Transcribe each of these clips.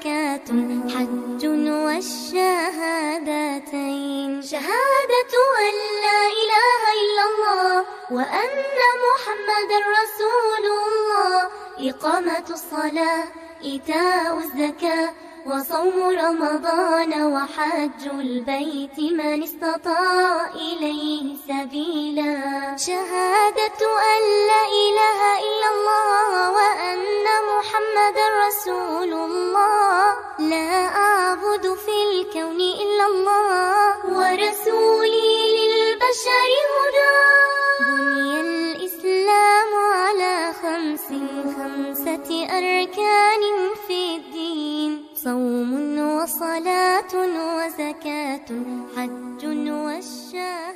زكاة حج والشهادتين شهادة أن لا إله إلا الله وأن محمد رسول الله إقامة الصلاة إيتاء الزكاة وصوم رمضان وحج البيت من استطاع إليه سبيلا شهادة أن لا إله إلا الله وأن محمد رسول الله لا أعبد في الكون إلا الله ورسولي للبشر هدى بني الإسلام على خمس خمسة أركان في الدين صوم وصلاة وزكاة حج والشهادتين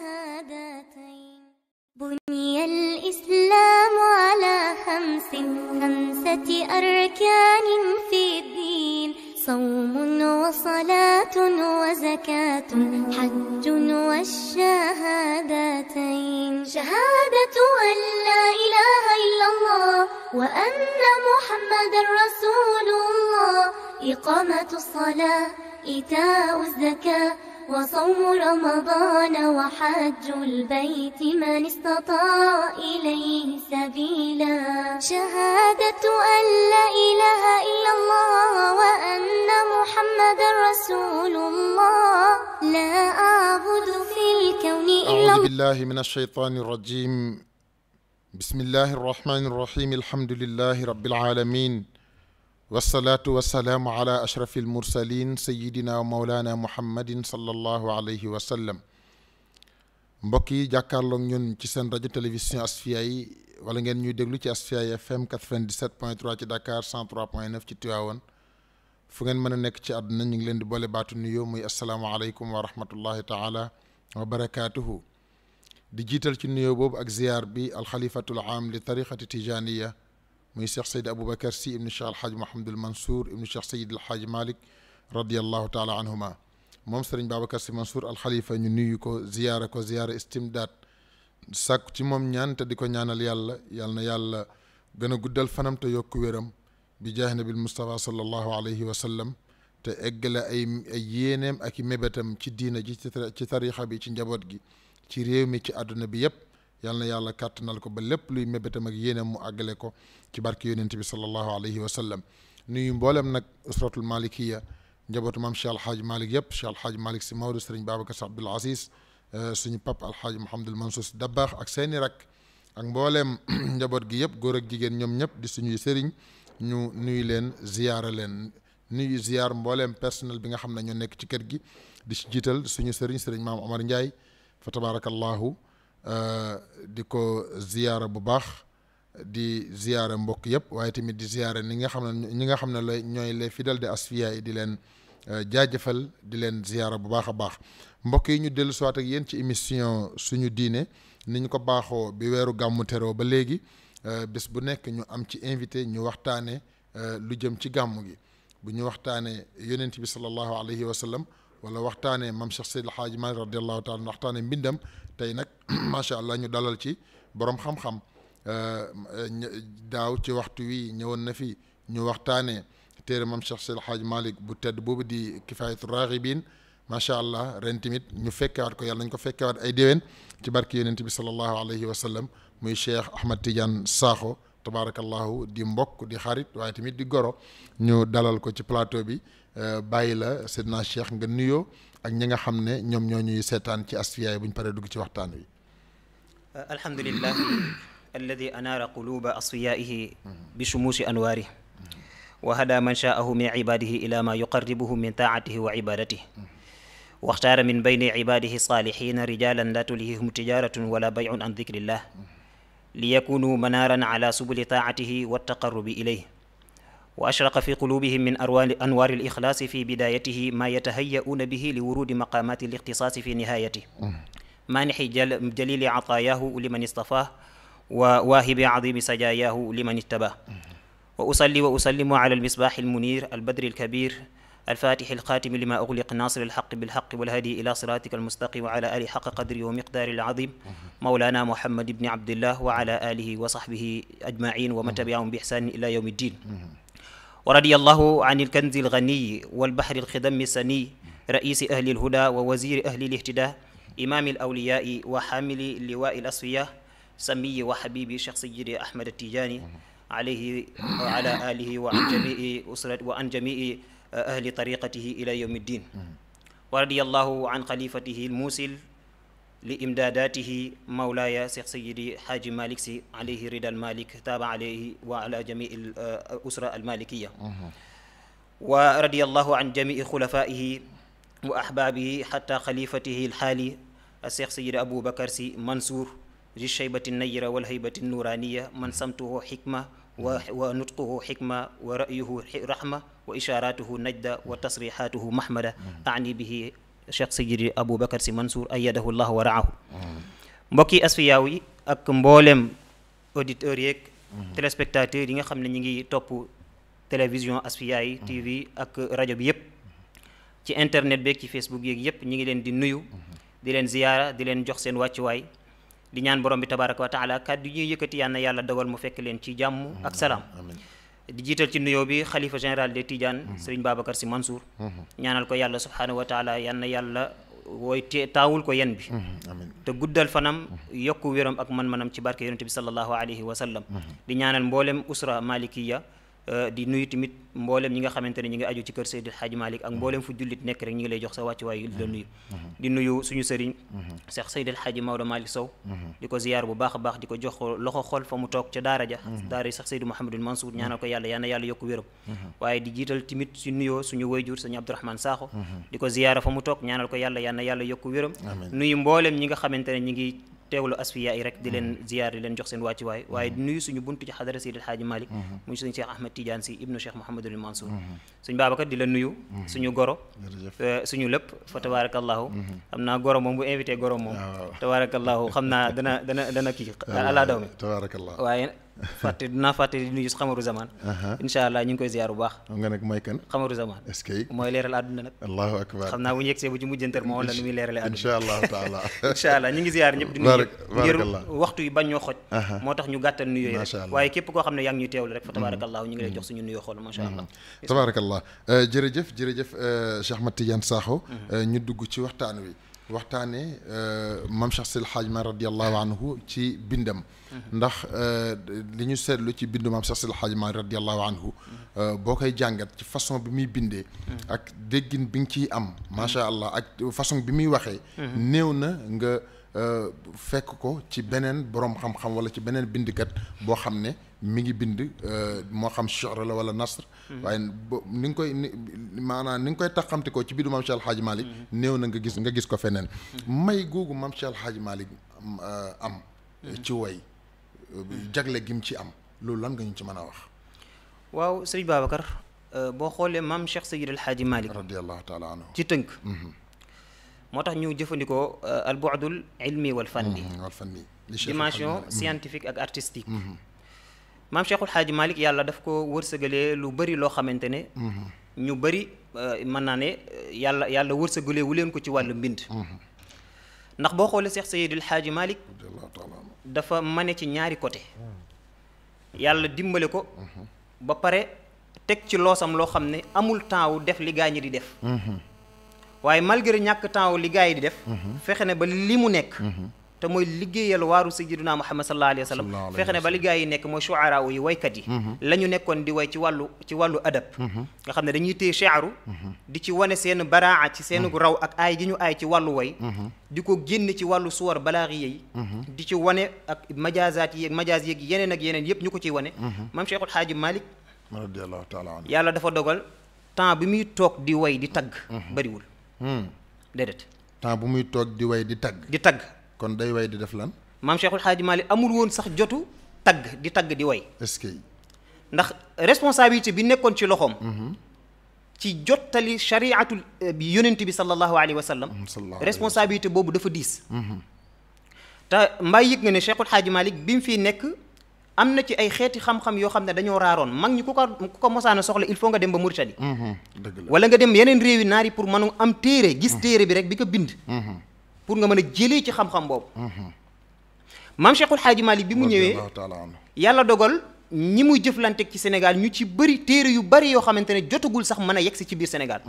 بني الإسلام على خمس خمسة أركان في الدين صوم وصلاة وزكاة حج والشهادتين شهادة أن لا إله إلا الله وأن محمد رسول الله إقامة الصلاة إيتاء الزكاة وصوم رمضان وحج البيت من استطاع إليه سبيلا شهادة أن لا إله إلا الله وأن محمد رسول الله لا أعبد في الكون إلا أعوذ بالله من الشيطان الرجيم بسم الله الرحمن الرحيم الحمد لله رب العالمين والصلاة والسلام على أشرف المرسلين سيدنا ومولانا محمد صلى الله عليه وسلم مبكي جاكار لون يون تسان راديو تلفزيون أسفياي ولنجن يو دغلو تي أسفياي FM 97.3 تي داكار 103.9 تي تيوان فغن من نك تي أدنا نجلن دي بولي باتو نيو مي السلام عليكم ورحمة الله تعالى وبركاته دي جيتل تي نيو بوب أك زيار بي الخليفة العام لطريقة تيجانية تي ميسر سيد أبو بكر سي ابن الشيخ الحاج محمد المنصور ابن الشيخ سيد الحاج مالك رضي الله تعالى عنهما موم سيرن بابا كرسي منصور الخليفه ني زياره كو زياره استمداد ساك تي موم نيان تا ديكو نيانال يالا يالنا يالا غنا غودال فنام تا يوك ويرم بي نبي المصطفى صلى الله عليه وسلم تا اغلا اي يينم اك ميبتام تي دينا جي تاريخا بي تي نجابوت جي تي مي تي ادنا بي yal yàlla kàttanal ko ba lépp luy mébétam ak yéenam mu àggale ko ci barke yonent bi sallallahu alayhi wa sallam nuyu mboolem nag usratul malikiya njabootu maam Cheikh Alhaaj Malick yëpp Cheikh Alhaaj Malick si Maodo sëriñ Babacar Sy Abdoul Aziz suñu pap Alhaaj Mouhamadul Mansour Sy Dabakh ak seeni rak ak mbooleem njaboot gi yëpp góor ak jigéen ñoom ñëpp di suñuy sëriñ ñu nuyu leen ziyaara leen nuyu ziyaar mbooleem personnel bi nga xam ne ñoo ci kër gi di ci jiital suñu sëriñ sëriñ mam Omar Ndiaye fa tabarakallahu Euh, di ko ziyaara bu baax di ziyaara mbokk yëpp waaye tamit di ziyaara ni nga xam ne ñi nga xam ne la ñooy les fidèles de Asfiya yi di leen euh, jaajëfal di leen ziyaara bu baax a baax mbokk yi ñu dellu siwaat yéen ci émission suñu diine ni ñu ko baaxoo bi weeru gàmmu teroo ba léegi euh, bés bu nekk ñu am ci invité ñu waxtaane lu jëm ci gàmmu gi bu ñu waxtaane yonent bi sallallahu alayhi wa sallam wala waxtaanee maam Cheikh Seydil Hadji Malick radiallahu taala waxtaanee mbindam tey nag macha allah ñu dalal ci borom xam-xam daaw ci waxtu wi ñëwoon na fi ñu waxtaanee téere maam Cheikh Seydil Hadji Malick bu tedd boobu di kifaayatu raaxibiin macha allah ren tamit ñu fekkewaat ko yàlla nañ ko fekkewaat ay déwén ci barki yonent bi sallallahu alayhi wa sallam muy Cheikh Ahmad Tidiane Sakho تبارك الله دي مبوك دي خاريت واي دي غورو نيو دالال كو تي بلاتو بي بايلا سيدنا الشيخ نغ نيو اك نيغا خامني نيوم نيو نيو سيتان تي اس في اي دوغ تي وقتان بي الحمد لله الذي انار قلوب اصفيائه بشموس انواره وهدى من شاءه من عباده الى ما يقربه من طاعته وعبادته واختار من بين عباده الصالحين رجالا لا تلهيهم تجاره ولا بيع عن ذكر الله ليكونوا منارا على سبل طاعته والتقرب إليه وأشرق في قلوبهم من أنوار الإخلاص في بدايته ما يتهيئون به لورود مقامات الاختصاص في نهايته مانح جل جليل عطاياه لمن اصطفاه وواهب عظيم سجاياه لمن اتباه وأصلي وأسلم على المصباح المنير البدر الكبير الفاتح الخاتم لما أغلق ناصر الحق بالحق والهدي إلى صراطك المستقيم وعلى آل حق قدري ومقداري العظيم مولانا محمد بن عبد الله وعلى آله وصحبه أجمعين ومن تبعهم بإحسان إلى يوم الدين ورضي الله عن الكنز الغني والبحر الخدم السني رئيس أهل الهدى ووزير أهل الاهتداء إمام الأولياء وحامل لواء الأصفياء سمي وحبيبي شيخ سيدي أحمد التيجاني عليه وعلى آله وعن جميع أسرة وعن جميع أهل طريقته إلى يوم الدين ورضي الله عن خليفته الموسل لإمداداته مولاي شيخ سيدي حاج مالك سي عليه رضا المالك تاب عليه وعلى جميع الأسرة آه، المالكية ورضي الله عن جميع خلفائه وأحبابه حتى خليفته الحالي الشيخ سيد أبو بكر سي منصور ذي الشيبة النيرة والهيبة النورانية من سمته حكمة ونطقه حكمة ورأيه رحمة وإشاراته نجدة وتصريحاته محمدة أعني به شيخ سيدي أبو بكر سيمنصور أيده الله ورعاه مبكي أسفياوي أكم بولم أوديتوريك تلسبكتاتي دي خم نيجي توبو تلفزيون أسفياوي تي في أك راديو بيب تي إنترنت بيك تي فيسبوك يجيب نيجي لين دي نيو دي لين زيارة دي لين جوكسين واتش واي دي نيان بروم وتعالى كاد دي نيو يالا دوال مفكلين تي جامو أكسلام آمين. آمين. di jiital ci nuyoo bi xalifa général des Tidiane mhm. sëriñ Babacar Sy Mansour mhm. ñaanal ko yàlla subhaanahu wa taala yal na yàlla wooy te taawul ko yen bi mhm. guddal fanam yokku wéram ak man ci barke yonente bi sallallahu alayhi wa sallam di ñaanal mboolem usra malikiya Euh, di nuyu tamit mboolem ñi nga xamante ne ñi nga aju ci kër Seydil Hadji Malick ak mboolem fu jullit nekk rek ñi ngi lay jox sa wàccuwaay di la mhm. nuyu mhm. di nuyu suñu sëriñ mhm. Cheikh Seydil Hadji Maodo Malick Sow di ko ziyaar bu baax a baax di ko jox loxo xol fa mu toog ca daara ja daara Cheikh Seydou Mouhamadou Mansour ñaanal ko yàlla yaana yàlla yokk wéram waaye di jiital tamit si nuyoo suñu ko ziyaara fa mu toog ñaanal ko yàlla yaana yàlla yokk wéram nuyu mboolem ñi nga xamante ne ñi ngi teewlu asfiya yi rek di leen ziyaar di leen jox seen wàcci waay waaye nuyu suñu buntu ci xadara Seydil Xaaji Malick muy suñu Cheikh Ahmed Tidiane si ibnu Cheikh Mouhamadul Mansour suñu Babacar di la nuyu suñu goro suñu lépp fa tabarakallahu xam naa goro moom bu invité goro moom tabarakallahu xam naa dana dana dana kii alaa daw mi waaye fàtte dinaa fàtte di nuyu xamaru zaman incha allah ñu ngi koy ziar bu baax xam nga nag mooy kan xamaru zaman est-ce que mooy leeral àdduna nag xam naa bu ñu yegsee bu ci mujjantal moo wala nu muy leeralee àdduna incha allah ñu ngi ziar ñëpp di nuyu ngir waxtu yi bañ ñoo xoj moo tax ñu gàttal nuyu yooyu rek waaye képp koo xam ne yaa ngi ñuy rek fa mm-hmm. tabarakallahu ñu ngi lay jox suñu nuyoo xool macha allah mm-hmm. tabarakallah euh, jërëjëf jërëjëf euh, Cheikh Ahmad mm-hmm. euh, wi waxtaanee mam Cheikh Seydi El Hadj Malick radiyallahu anhu ci bindam. ndax li ñu seetlu ci bindu mam Cheikh Seydi El Hadj Malick radiyallahu anhu. boo koy jàngat ci façon bi mi bindé ak déggin bi nga ciy am. sha allah ak façon bi mi waxé newna na nga fekk ko ci benen borom xam-xam wala ci benen bindikat bo xamné ne. mi ngi bind moo xam chor la wala nasr waaye ni nga koy maanaam ni nga koy taxamte ko ci biiru maam Cheikh Alhaaji Malick néew na nga gis nga gis ko feneen may googu maam Cheikh Alhaaji Malick am ci woy jagle gim ci am loolu lan nga ñu ci mën a wax waaw sëriñ Babacar boo xoolee maam Cheikh Seydi Alhaaji Malick radiallahu taala anhu ci tënk moo tax ñu jëfandikoo al bu'dul ilmi wal fanni wal fanni dimension scientifique ak artistique maam Cheikhul Xaaji Malick yàlla daf ko wërsëgalee lu bari loo xamante ne ñu bëri euh, mën naa ne euh, yàlla yàlla wërsëgalee wu leen ko ci wàllu mbind ndax boo xoolee Cheikh Seydil Xaaji Malick dafa mane ci ñaari côté yàlla dimbale ko ba pare teg ci loosam loo xam ne amul temps wu def li gaa ñi di def mhm. waaye malgré ñàkk temps li gaa yi di def mhm. fexe ne ba li mu nekk mhm. te mooy liggéeyal waaru sayyidina Muhammad sallallahu alayhi wa sallam fexe ne ba li yi nekk mooy yi mm-hmm. la ñu nekkoon di ci wàllu ci wàllu adab mm-hmm. nga xam ne dañuy téye shiaru mm-hmm. di ci wane seen baraa ci seen raw ak aay gi ñu aay ci wàllu way di ko génn ci wàllu suwar balaaxiya yi di ci wane ak majaazaat yi ak yeeg yeneen ak yeneen yëpp ñu ko ciy wane maam Cheikhul Xaaji Malik radiyallahu taala anhu yàlla dafa dogal temps bi muy toog di way di tagg bariwul déedéet temps bu muy toog di way di tag di tagg kon day way di def lan. maam Cheikhul Xaaji Maalik amul woon sax jotu tagg di tagg di way. est-ce que. ndax responsabilité bi nekkoon ci loxoom. ci jottali chariatul bi yonent bi sallallahu alayhi wa sallam. responsabilité boobu dafa diis. te mbaa yëg nga ne Cheikhul Xaaji Maalik bi mu fii nekk am na ci ay xeeti xam-xam yoo xam ne dañoo raaroon mag ñi ku ko ku ko mosaana soxla il faut nga dem ba Mauritanie. dëgg la wala nga dem yeneen réewi naar yi pour mën a am téere gis téere bi rek bi ko bind. pour nga mën a ci xam-xam boobu maam Cheikhul hadji mali bi mu ñëwé yàlla dogal ñi muy jëflanté ci Sénégal ñu ci bëri téré yu bëri yo xamantene jotagul sax mën yex ci biir Sénégal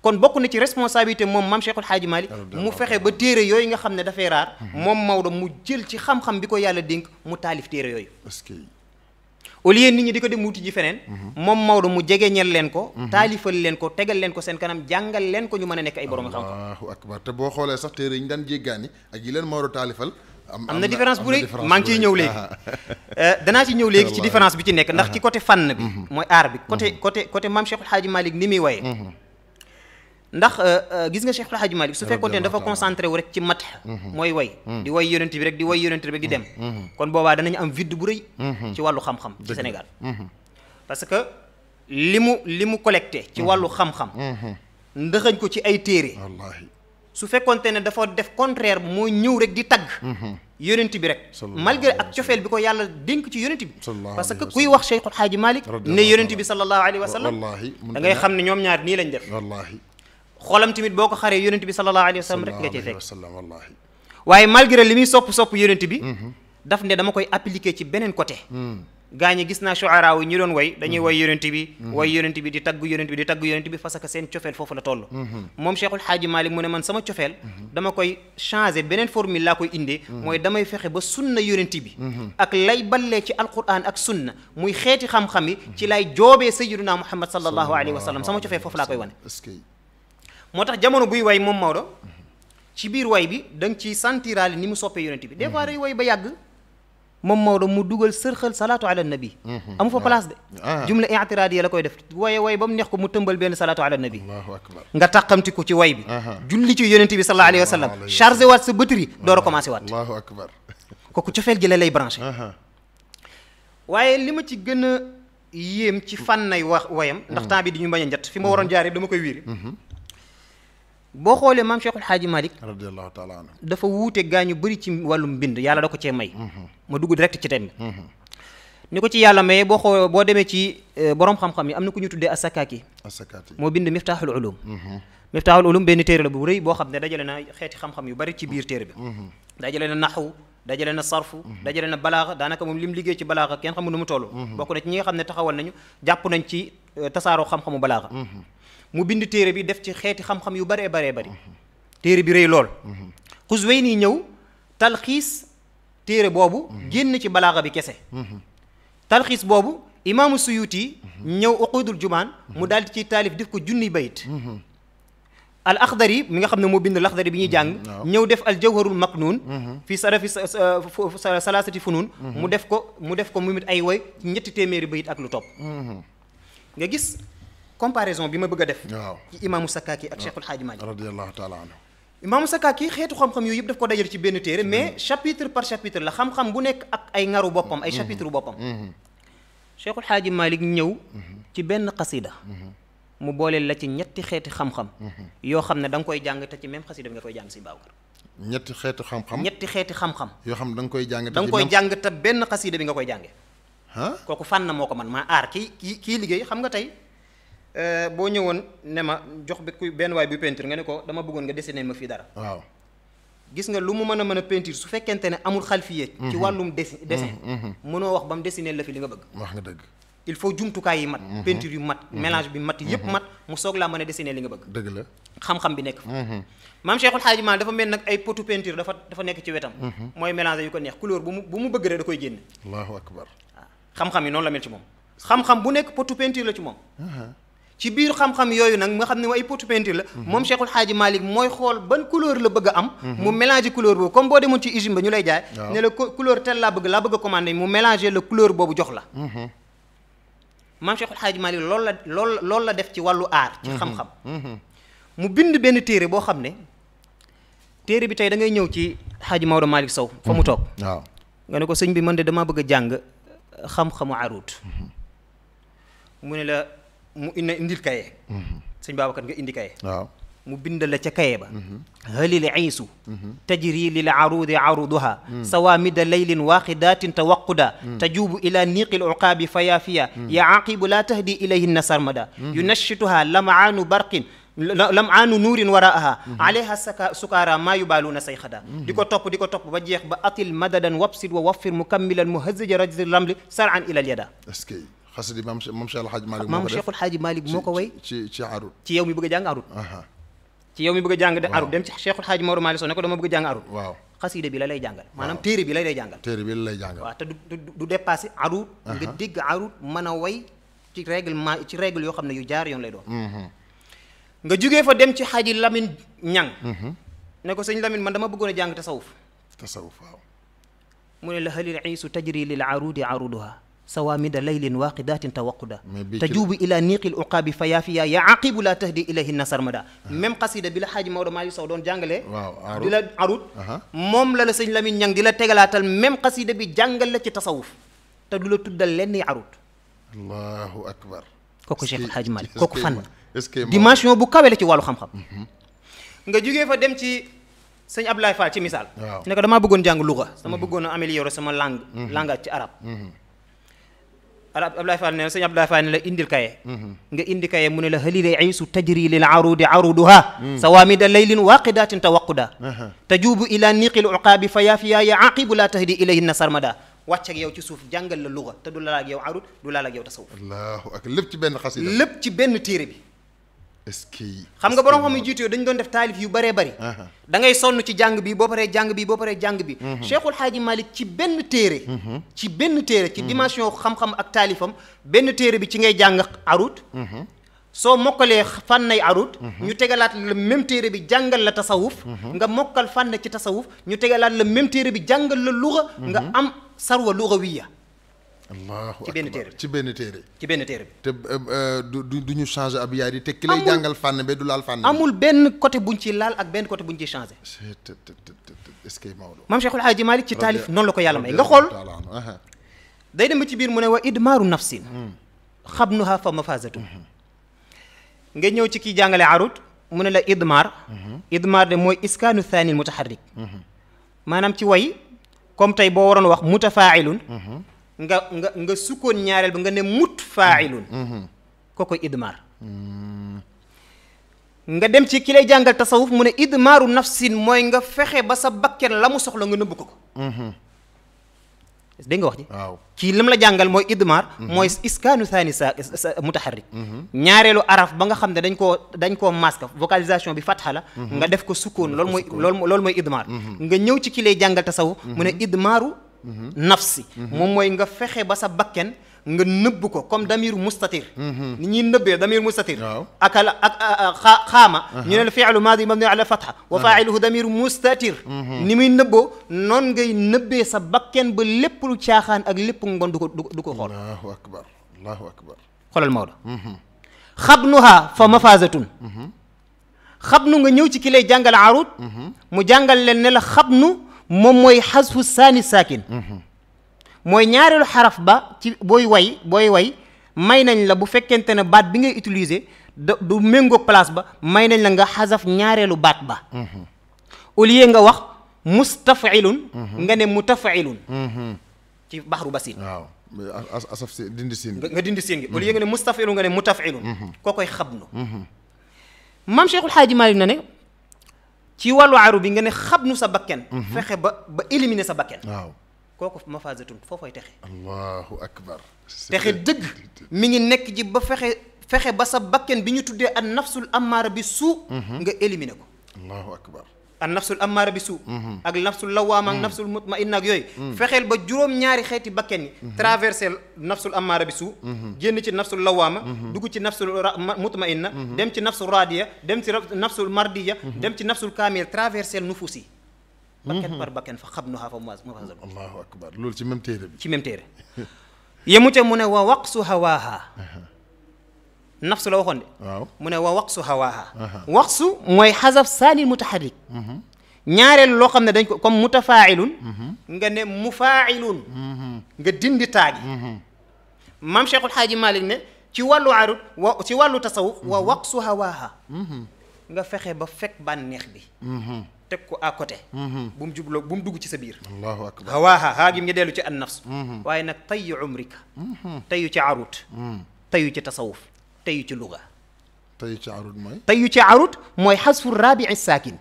kon bokku na ci responsabilité moom maam Cheikhul hadji mali mu fexe ba téré yoy nga xamné da fay rar mom mawdo mu jël ci xam-xam bi ko yàlla dénk mu taalif téere yooyu au lieu nit ñi di ko dem wuti ji feneen mhm. moom Maodo mu jegeñal leen ko mhm. taalifal leen ko tegal leen ko seen kanam jàngal leen ko ñu mën a nekk ay borom xam-xam te boo xoolee sax téere yi ñu daan jéggaani ak yi leen Maodo taalifal am na différence bu rëy maa ngi ciy ñëw léegi euh, danaa ci ñëw léegi ci différence bi ci nekk ndax ci côté fan bi mhm. mooy aar bi coté coté côté maam Cheikhul Hadji Malick ni muy waye ndax gis nga Cheikh El malik su fekkoon dafa concentré wu rek ci mat moy way di way yonent bi rek di way yonent bi di dem kon boba danañ am vide bu reuy ci walu xam xam-xam ci Sénégal parce que limu limu collecter ci walu xam xam-xam ndëxañ ko ci ay téré wallahi su fekkoonte ne dafa def contraire moo ñëw rek di tag yonent bi rek malgré ak ciofel bi ko yàlla dénk ci yonent bi parce que kuy wax cheikh Hadj malik ne yonent bi sallallahu alayhi wa sallam da ngay xam ne ñoom ñaar ni lañ def wallahi xolam tamit boo ko xaree yonent bi sallallahu alayhi wa sallam rek nga cee fekk wallaahi waaye malgré li muy sopp sopp yonent bi daf ne dama koy appliquer ci beneen côté gaa ñi gis naa shuara yi ñu doon way dañuy way yonent bi way yonent bi di tagg yonent bi di tagg yonent bi parce que seen cofeel foofu la toll moom Cheikhul Xaaji Malik mu ne man sama cofeel dama koy changer beneen formule laa koy indee mooy damay fexe ba sunna yonent bi ak lay ballee ci alquran ak sunna muy xeeti xam-xam yi ci lay joobee sayyiduna Muhammad sallallahu alayhi wa sallam sama cofeel foofu laa koy wane moo tax jamono buy way moom Maodo ci biir way bi da nga ciy santiraali ni mu soppee yonent bi des fois day way ba yàgg moom Maodo mu dugal sërxal salaatu ala nabi mhm. amu fa place de ah. jumla i'tiraadi ya la koy def waye way ba mu neex ko mu tëmbal benn salaatu ala nabi nga tàqamti ko ci way bi julli ci yonent bi sallallahu alayhi wa sallam chargé waat sa batterie door a commencé waat ko akbar kooku cofeel gi la lay branché waaye li ma ci gën a yéem ci fànnay wax wayam ndax mhm. temps bi di ñu bañ a njat fi ma waroon jaar dama koy wiiri mhm. boo xoolee maam Cheikhul Xaaji Malick radiyallahu taala anhu dafa wuute gaañu bëri ci wàllum mbind yàlla da ko cee may ma dugg direct ci thème bi ni ko ci yàlla maye boo xoo boo demee ci borom xam-xam yi am na ku ñu tuddee Asakaaki Asakaaki moo bind Miftaaxul Ulum Miftaaxul Ulum benn téere la bu rëy boo xam dajale na xeeti xam-xam yu bari ci biir téere bi dajale na naxu dajale na sarfu dajale na balaaxa daanaka moom li mu ci balaaxa kenn xamul nu mu toll bokk na ci ñi nga xam taxawal nañu jàpp nañ ci tasaaroo xam-xamu balaaxa mu bind téere bi def ci xeeti xam-xam yu baree baree bari téere bi rëy lool Xuzwayni ñëw talxiis téere boobu génn ci balaaxa bi kese talxiis boobu imaamu suyuti ñëw uqudul jumaan mu dal ci ciy taalif def ko junni bayit al akhdari mi nga xamne mo bind al akhdari bi ñi jàng ñëw def al jawharul maqnun fi sarafi salasati funun mu def ko mu def ko mumit ay way ci ñetti téméré bayit ak lu top nga gis comparaison bi ma bëgg def. ci imam Sakaki ak Cheikhul Hadji Malick. radiyallahu taala anhu. imam Sakaki xeetu xam-xam yooyu yëpp daf ko dajale ci benn téré mais chapitre par chapitre la xam-xam bu nek ak ay ngaru bopam ay chapitre bopam Cheikhul Hadji Malick ñëw. ci benn qasida mu booleel la ci ñetti xeeti xam-xam. yo xam ne da koy jàng ta ci même qasida nga koy jàng ci Babacar. ñetti xeeti xam-xam ñetti xeeti xam-xam. yo xam dang koy jàng dang koy jàng ta benn qasida bi nga koy jàngee. ha koku fan moko man ma ar ki ki kii xam nga tay Euh, boo ñëwoon ne ma jox bi kuy benn waay bi peinture nga ne ko dama bëggoon nga dessiner ma fii dara. waaw gis nga lu mu mën a mën a peinture su fekkente ne amul xalfiye ci mhm. wàllum dessin mhm. dessin. Mhm. mënoo wax ba mu dessiner la fi li nga bëgg. wax nga dëgg. il faut jumtukaay yi mat. peinture yu mat mélange bi mat yëpp mat mu soog laa mën a dessiner li nga bëgg. dëgg la xam-xam bi nekk. maam Cheikhul Xaaji Maal dafa mel nag ay potu peinture dafa dafa nekk ci wetam. mooy mélange yu ko neex couleur bu mu bu mu bëgg rek da koy génn. allahu akbar. xam-xam yi noonu la mel moom. xam bu nekk potu peinture la ci moom. ci biir xam-xam yooyu nag nga xam ne ay potu peinture la moom Cheikhul Xaaji Malick mooy xool ban couleur la bëgg a am mu mélanger couleur boobu comme boo demoon ci usine ba ñu lay jaay ne la couleur tel laa bëgg laa bëgg a commandé mu mélanger la couleur boobu jox la maam Cheikhul Xaaji Malick loolu la loolu loolu la def ci wàllu aar ci xam-xam mu bind benn téere boo xam ne téere bi tey da ngay ñëw ci Xaaji Maodo Malick Sow fa mu toog waaw nga ne ko sëñ bi man de damaa bëgg a jàng xam-xamu arut mu ne la mu indi indil kaye sëñ Babacar nga indi kaye waaw mu bindal la ca kaye ba halil iisu tajri lil arudi aruduha sawamida laylin waqidatin tawaquda tajubu ila niqil uqaabi fayafiya ya aqibu la tahdi ilayhinna sarmada yunashituha lamaanu barqin lamaanu nuurin waraaha alayha saka sukaara maa yubaaluuna say xada di ko topp di ko topp ba jeex ba atil madadan wabsid wa waffir mukammilan muhazija rajzi ramli saran ilal yada xasidi maam maam Cheikh El Hadj ko way ci ci arut ci yow mi bëgg a arut yow mi bëgg a jàng arut dem ci Cheikh El Hadj so ne ko dama bëgg a jàng arut waaw xasida lay jàngal maanaam téere la lay jàngal téere bi la lay jàngal waaw te du du dépassé arut nga dégg arut mën a way ci règlement ci règle yoo xam ne yu jaar yoon lay doon mhm. nga jógee fa dem ci Hadj lamin Ñang mhm. ne ko sëñ Lamine man dama bëggoon a jàng tasawuf tasawuf waaw mu ne la halil iisu tajri lil arudi aruduha sawamid laylin waqidatin tawaqquda tajubu ila niqil uqabi fayafiya ya'qib la tahdi ilayhi an-nasar mada meme qasida bi la haji mawdo mali saw don jangale dila arut mom la le seigne lamine ñang dila tegalatal meme qasida bi jangal la ci tasawuf ta dula tuddal len arut allahu akbar koku cheikh al haji mali koku fan dimension bu kawé ci walu xam xam mhm. nga jugé fa dem ci seigne ablaye fall ci misal ne dama bëggone jang sama mhm. bëggone améliorer sama langue mhm. langue ci arab Abdoulaye Fall ne sëñ Abdoulaye Fall ne la indil kaye nga indi kaye mu ne la halila aysu tajri lil arudi aruduha sawamida laylin waqidatin tawaquda tajubu ila niqil uqaabi fa yaa fi yaa ya aqibu la tahdi ilayhinna sarmada wàcc ak yow ci suuf jàngal la luga te du laal ak yow arud du laal ak yow tasawuf allahu akbar lépp ci benn xasida lépp ci benn téere bi est xam nga borom xam yu jiitu dañ doon def taalif yu bëree bëri dangay sonn ci jàng bi boo paree jàng bi boo paree jàng bi mhm. Cheikhul Xaaji Malick ci benn téere mhm. ci benn téere ci mhm. dimension xam-xam ak taalifam benn téere bi ci ngay jàng arut soo mokkalee fànnay arut ñu tegalaat la même téere bi jàngal la tasawuf nga mokkal fànn ci tasawuf ñu tegalaat la même téere bi jàngal la luga nga am sarwa lugawiya allahu ci benn téere ci benn téere ci benn téere bi te du du ñu changé ab yaay di te ki lay jàngal fànn ba du laal fànn amul benn côté buñ ci laal ak benn côté buñ ci changé est-ce que Maodo maam Cheikhul Hadji Malick ci taalif noonu la ko yàlla may nga xool day dem ba ci biir mu ne wa idmaaru nafsin xabnuha fa mafasatu nga ñëw ci kii jàngale arut mu ne la idmar idmar de mooy iskaanu thaani mutaharrik maanaam ci way comme tey boo waroon wax mutafailun nga nga nga sukkoon ñaareel ba nga ne mut faailun mm-hmm. mm-hmm. kookoy idmaar nga dem ci ki lay jàngal tasawuf mu ne idmaaru nafsin mooy nga fexe ba sa bakken la mu soxla nga nëbb ko ko mm-hmm. dégg nga wax ji waaw kii lim la jàngal mooy idmar mooy iskaanu saani sa mutaharrik ñaareelu araf ba nga xam ne dañ koo dañ koo masque vocalisation bi fatha la nga def ko sukkoon lool mooy loolu nga ñëw ci ki jàngal tasawuf mu ne idmaaru نفسي moom موي nga fexe ba sa bakken nga neub ko comme damir mustatir ni ñi neubé damir mustatir akala ak xaama ñu ne fi'l madi mabni ala fatha wa fa'iluhu damir mustatir ni muy neubo non ngay neubé sa bakken ba lépp lu caaxaan ak lépp ngon duko duko xol allahu akbar allahu akbar xolal mawla khabnuha fa mafazatun khabnu nga ñëw ci ki lay jàngal arut mu jàngal len ne la khabnu mom moy hasfu sani sakin moy ñaareelu xaraf ba ci boy way boy way may nañ la bu fekente ne bat bi ngay utiliser du mengo place ba may nañ la nga hasaf ñaarelu bat ba au lieu nga wax mustafilun nga ne mutafilun ci bahru basin waaw asaf si dindi sin nga dindi sin au lieu nga ne mustafilun nga ne mutafilun kokoy koy xabnu maam Cheikhul hadji malik na ne ci walu aaru nga ne xabnu sa bakken fexe ba ba éliminer sa bakken waaw koku ma fazatun foofooy texe allahu akbar texe deug mi ngi nek ji ba fexe fexe ba sa bakken biñu tuddé an nafsul amaara bisu nga éliminer ko allahu akbar النفس الأمارة بسوء أك النفس اللوامة النفس المطمئنة يوي فخل بجروم نياري خيتي بكني ترافيرس النفس الأمارة بسوء جيني النفس اللوامة دوكو النفس المطمئنة دمت النفس الرادية دمت النفس المردية دمت النفس الكامل ترافيرس النفوسي بكن بر بكن فخبنها فماز مفازل الله أكبر لول تيمم تيري تيمم تيري يموت من ووقص هواها nafsu la waxoon de. waaw mu ne wa waqsu hawaaha. waqsu mooy xasaf saani mutaxarrik. ñaareel loo xam ne dañ ko comme mutafaa'ilun nga ne mufaa'ilun nga dindi taagi. maam Cheikhul Xaaji Malik ne ci wàllu arut wa ci wàllu tasawuf wa waqsu hawaaha. nga fexe ba fekk bànneex bi. teg ko à côté. bu mu jubloo bu mu dugg ci sa biir. allahu akbar hawaaha haa gi nga dellu ci an nafs. waaye nag tayyu umrika. tayyu ci arut. tayyu ci tasawuf. teyu ci luga teyu ci arut mooy teyu ci arut mooy xasfu rabii saakin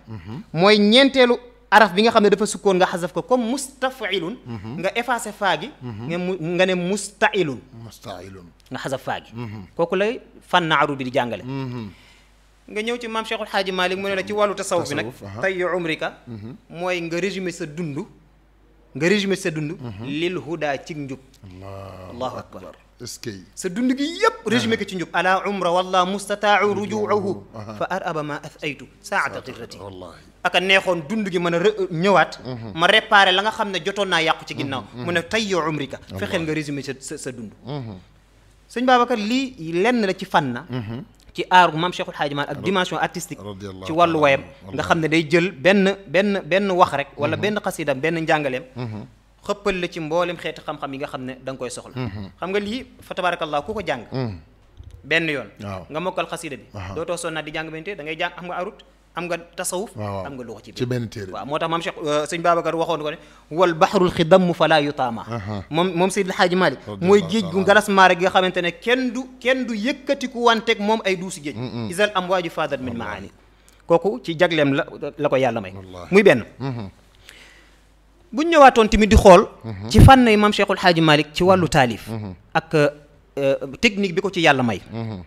mooy ñeenteelu araf bi nga xam ne dafa sukkoon nga xasaf ko comme mustafilun mhm. nga effacé faa gi mhm. nga ne mustailun mustailun nga xasaf faa gi mhm. kooku lay fànn arut bi di jàngale nga ñëw ci maam Cheikhul Xaaji Malik mu ne la ci wàllu tasawuf bi nag tey umrika mooy nga résumé sa dund nga résumé sa dund lil huda cig njub اسكي سدون يب رجمي كتنجب ألا عمر والله مستطاع رجوعه فأرأب ما أثأيت ساعة غرتي والله aka neexoon dund gi mën a ñëwaat ma réparé la nga xam ne jotoon naa yàqu ci ginnaaw mu ne tey yoo umrika fexeel nga résumé sa sa dund sëñ Babacar lii lenn la ci fànna ci aaru maam Cheikhul Hadji Malick ak dimension artistique ci wàllu wayam nga xam ne day jël benn benn benn wax rek wala benn xasiidam benn njàngaleem xëppal la ci mboolem xeeti xam-xam yi nga xam ne da nga koy soxla xam nga lii fa tabarakallah ku ko jàng benn yoon nga mokkal xasida bi dootoo sonna di jàng benn da ngay jàng am nga arut am nga tasawuf am nga luxa ci ci benn téere waaw moo tax maam Cheikh sëñ Babacar waxoon ko ne wal bahrul xidam fala yutaama moom moom Seydil Hadji Malick mooy géej gu ngalas maare gi nga xamante ne kenn du kenn du yëkkatiku wanteeg moom ay duusi géej isal am waaju fadat min maani kooku ci jagleem la la ko yàlla may muy benn bu ñu ñëwaatoon tamit di xool. Mhm. ci fànn yi maam Cheikhul Xaaji Malick ci wàllu taalif. Mhm. ak euh, euh, technique bi ko ci yàlla may. Mhm.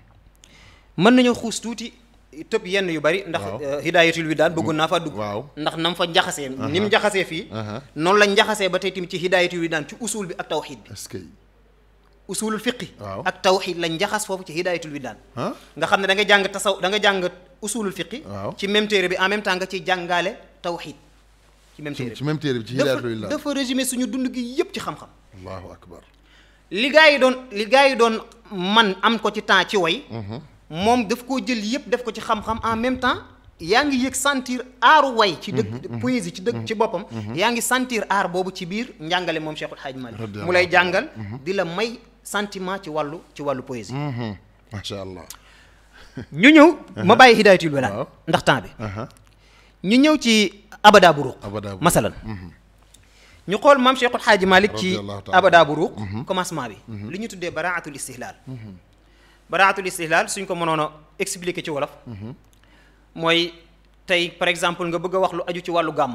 mën nañoo xuus tuuti tëb yenn yu bari. ndax euh, hidaayatul wi daal bëggoon naa fa dugg. ndax nam fa njaxasee. ni mu njaxasee fii. noonu la njaxasee ba tey timit ci hidaayatul wi daal ci usul bi ak tawxiid bi. est-ce que usulul fiqi. ak tawxiid la njaxas foofu ci hidaayatul wi daal. nga xam ne da nga jàng tasaw da nga jàng usulul fiqi. ci même téere bi en même temps nga ciy jàngaale tawxiid ci même téere ci bi ci Hidayatul Ilahi dafa résumé suñu dund gi yëpp ci xam-xam li gaa yi doon li yi doon man am ko ci temps ci way mhm. moom daf koo jël yëpp def ko ci xam-xam en même temps yaa ngi yëg sentir aaru way ci dëgg mhm. poésie ci dëgg mhm. ci boppam yaa ngi sentir aar boobu ci biir njàngale moom Cheikhul Hadj Malick mu lay jàngal di la may sentiment ci wàllu ci wàllu poésie macha allah ñu ñëw ma uh-huh. bàyyi hidayatul wala ndax temps uh-huh. ñu ñëw ci abada bu ruuq masalan mhm. ñu xool maam Cheikhul Xaaji Malik ci abada bu ruuq mhm. commencement bi mhm. li ñu tuddee baraatul istihlaal baraatul istihlaal suñ ko mënoon a expliquer ci wolof mooy tey par exemple nga bëgg a wax lu aju ci wàllu gàmm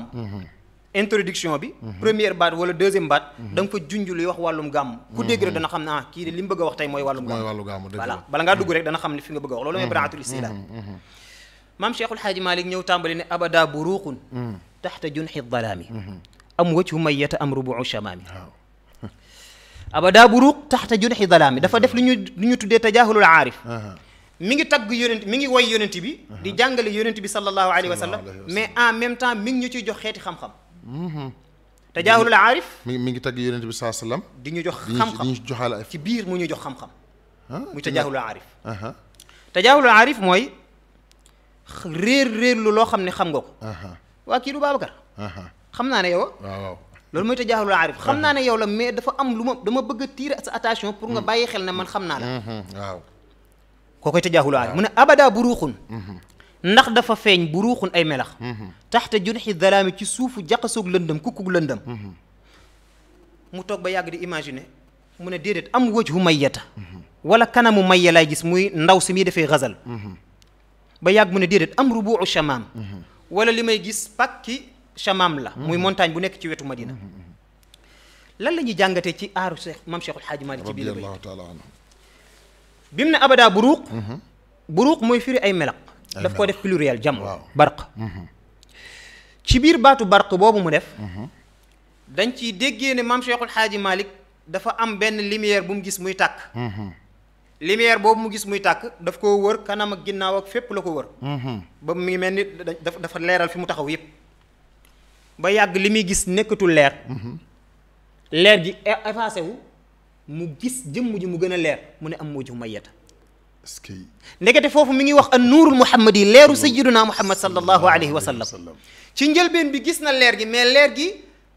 introduction bi première baat wala deuxième baat da nga fa junj luy wax wàllum gàmm ku dégg rek dana xam ne ah, kii de li mu a wax tey mooy wàllum gàmm bala ngaa dugg rek dana xam ne fi nga bëgg a wax loolu mooy baraatul maam Cheikhul Xaaji Malik ñëw tàmbali ne abada buruqun taxta junxi dalaami am wajhu mayyata am rubu shamaami abada buruq taxta junxi dalaami dafa def lu ñu lu ñu tuddee tajaahulul aarif mi ngi tagg yonent mi ngi woy yonent bi di jàngale yonent bi sallallahu alayhi wa sallam mais en même temps mi ngi ñu ciy jox xeeti xam-xam tajaahulul aarif mi mi ngi tagg yonent bi saa sallam di ñu jox xam-xam di ñu joxaale ci biir mu ñu jox xam-xam muy tajaahulul aarif tajaahulul aarif mooy réer réer loo xam ne xam nga ko. waa kii du Babacar. xam naa ne yow. Ah. waaw loolu mooy te jaaxalul xam naa ne yow la mais dafa am lu ma dama bëgg a sa attention pour nga mm. bàyyi xel ne man xam naa la. Mm-hmm. waaw. koo koy mu ne abada buruuxun mm-hmm. ndax dafa feeñ buruuxun ay melax. Mm-hmm. taxte junxi dalaami ci suufu jaxasoog lëndëm kukkug lëndëm. mu toog ba yàgg di imaginer mu ne déedéet am wajhu mayyata wala kanamu mayya laay gis muy ndaw si muy defee xasal. ba yàgg mu ne dedet am rubu'u shamam wala limay gis pàkki shamam la muy montagne bu nek ci wetu Madina lan lañu jangate ci aru Cheikh mam Cheikhul haji Maalik ci bilay bayt bi mu abada buruq buruq moy firi ay melak daf ko def pluriel jam barq ci bir batu barq bobu mu def dañ ci deggene mam Cheikhul haji malik dafa am ben lumière bu mu gis muy tak lumière boobu mu gis muy tàkk daf koo wër kanam ak ginnaaw ak fépp la ko wër. Mhm. ba mu ngi mel ni dafa leeral fi mu taxaw yépp ba yàgg li muy gis nekkatul leer. Mhm. leer gi e-, effacé wu mu gis jëmm ji mu gën a leer mu ne am moo ji may yeta. est-ce ndekete foofu mu ngi wax an nuurul muhammad yi leeru sayyiduna muhammad sallallahu alayhi wa sallam. ci njëlbeen bi gis na leer gi mais leer gi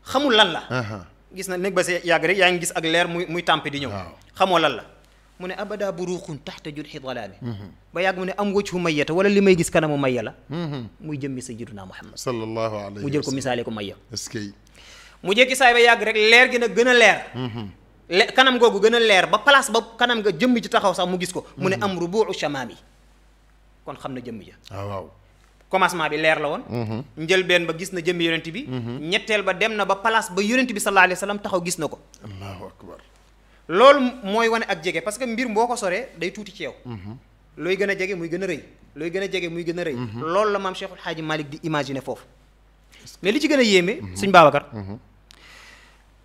xamul lan la. gis na nekk ba see yàgg rek yaa ngi gis ak leer muy muy tàmpi di ñëw. xamoo lan la. mu ne tax te taxta jurxi dalaami mm-hmm. ba yàgg mu ne am wajhu mayyata wala li may gis kanamu mayya la mm-hmm. muy jëmmi sayyiduna muhammad sallallahu alayhi mu jël ko misaale ko mayya mu jékki saay ba yàgg rek leer gi na gën a leer mm-hmm. kanam googu gën a leer ba place ba kanam nga jëmm ji taxaw sax mu gis ko mu ne am rubuucu shamaami kon xam na jëmm ja ah, waaw commencement bi leer la woon njëlbeen ba gis na jëmmi yonent bi ñetteel ba dem na ba place ba yonent bi sallallahu alayhi wa sallam taxaw gis na ko loolu mooy wane ak jege parce que mbir boo ko soree day tuuti ci yow. Mhm. looy gën a jege muy gën a rëy looy gën a jege muy gën a rëy. Mhm. loolu la maam Cheikhul Xaaji Malick di imaginer foofu. mais li ci gën a yéeme. Mhm. suñ Babacar.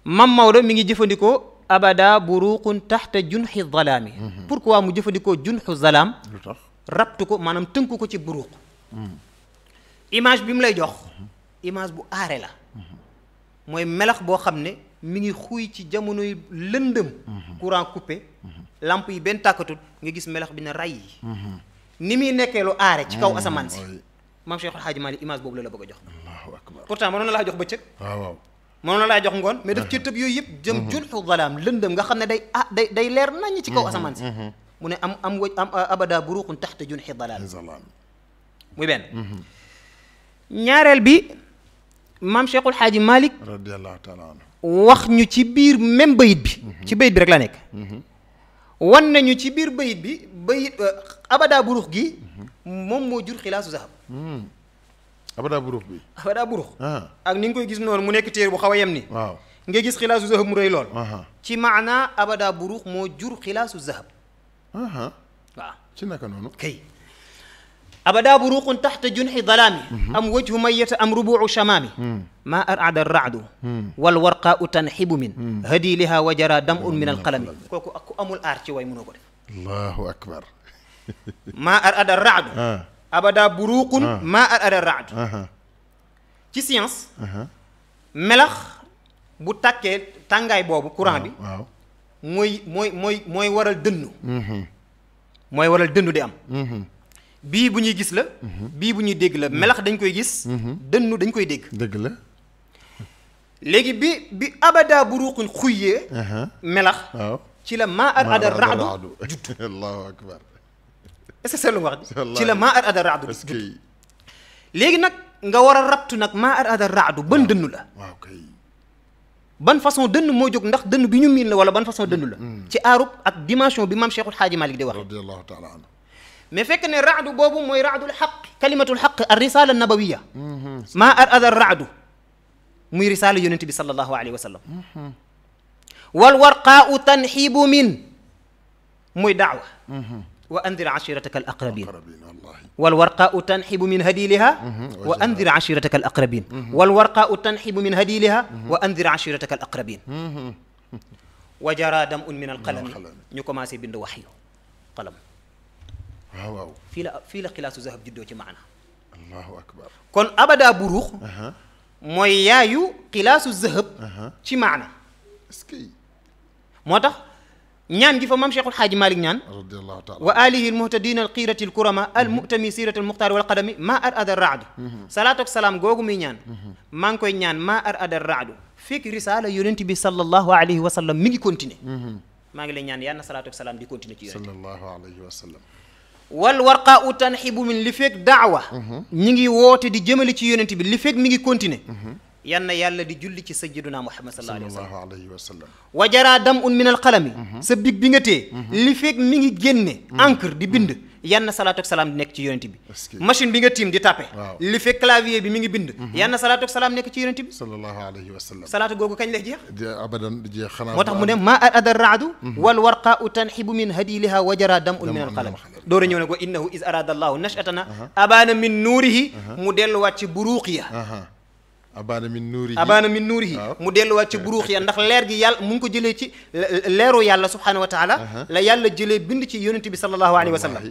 mam Maodo mi ngi jëfandikoo abada buruqun taxta junxi zalaami. pourquoi mu jëfandikoo junxu zalaam. lu tax rabtu ko maanaam tënku ko ci buruq. image bi lay jox. image bu aare la. mooy melax boo xam ne. mi ngi xuy ci jamonoy lëndëm mhm. courant coupé mhm. lamp yi benn tàkkatut nga gis melax bi na ray mhm. ni muy nekkee lu aare ci kaw asamaan si maam Cheikh xaaj Malick image boobu la la bëgg a jox Allahu akbar pourtant mënoon na laa jox bëccëg waaw waaw na laa jox ngoon mais daf ci tëb yooyu yëpp jëm julxu zalaam lëndëm nga xam ne day ah day leer nañ ci kaw asamaan si mu ne am am waj am abada buruqun taxta junxi dalaal muy benn ñaareel bi maam Cheikhul Xaaji Malick wax ñu ci biir même bayit bi ci bayit bi rek la nekk wan nañu ci biir bayit bi bayit abada burux gi moom moo jur xilaasu zahab abada burux bi abada burux ak ni nga koy gis noonu mu nekk téer bu xaw a yem ni nga gis xilaasu zahab mu rëy lool ci maanaa abada buruk moo jur xilaasu zahab waaw ci naka noonu kay أبدا بروق تحت جنح ظلامي أم وجه ميت أم ربوع شمامي ما أرعد الرعد والورقاء تنحب من هدي لها وجرى دمء من القلم كوكو أكو أم الأرتي ويمنو الله أكبر ما أرعد الرعد آه. أبدا بروق آه. ما أرعد الرعد آه. ci science ملخ bu tàkkee tàngaay boobu courant bi mooy mooy mooy mooy waral dënnu mhm. mooy waral dënnu di am mhm. bii bu ñuy gis la. bii bu ñuy dégg la melax dañ koy gis. dënnu dañ koy dégg. dëgg la. léegi bi bi abadaa buruqun xuyyee. melax. waaw ci la maa ar ada raadu judd. allahu akbar. est-ce que seetlu nga wax ji ci la maa ar ada raadu judd. léegi nag nga war a rabtu nag maa ar ada raadu ban dënnu la. waaw kay. ban façon dënn moo jóg ndax dënn bi ñu miin la wala ban façon dënn la. ci aarub ak dimension bi maam Cheikhul Xaaji Malik di wax. radiyallahu taala anhu ما فكر الرعد بابو مو رعد الحق كلمة الحق الرسالة النبوية ما أرأذ الرعد مو رسالة ينتبي صلى الله عليه وسلم والورقاء تنحب من مو دعوة وأنذر عشيرتك الأقربين والورقاء تنحب من هديلها وأنذر عشيرتك الأقربين والورقاء تنحب من هديلها وأنذر عشيرتك الأقربين وجرى دمء من القلم نكما سيبند وحي قلم واو في لا زهب لا جدو تي معنا الله اكبر كون ابدا بروخ اها موي يايو خلاص ذهب اها تي معنا اسكي موتاخ نيان جي فمام شيخ الحاج مالك نيان رضي الله تعالى واله المهتدين القيرة الكرماء المؤتمسيرة المختار والقدم ما ارد الرعد صلاتك سلام غوغو مي نيان مانكوي نيان ما ارد الرعد فيك رساله يونت بي صلى الله عليه وسلم ميغي كونتيني ماغي لا نيان يا صلاتك سلام دي كونتيني صلى الله عليه وسلم والورقاء تنحب من لفك دعوة نيجي ووت دي جمل تي يونتي لفك نيجي كونتيني يانا يالا دي جولي تي سجدنا محمد صلى الله عليه وسلم وجرى دم من القلم سبيك بينتي لفك نيجي جنة أنكر دي بند yann salatu ak salaam di ci yonenti bi machine bi nga tim di tapé li fekk clavier bi mi ngi bind yann salatu ak salaam nekk ci yonenti bi sallallahu alayhi wa sallam salaatu googu kañ lay jeex abadan di jeex xanaa motax tax mu ne ma adar ra'du wal warqa tanhibu min hadiliha wajara damun min alqalam doora ñëw ne ko innahu iz arada allah nashatana abana min nurihi mu delu wat ci buruqiya abana min nuurihi abaana min nuurihi mu delluwaat ci buruux ya ndax leer gi yàlla mu ngi ko jëlee ci leeru yàlla subhaanahu wa taala la yàlla jëlee bind ci yonent bi sallallahu alayhi wa sallam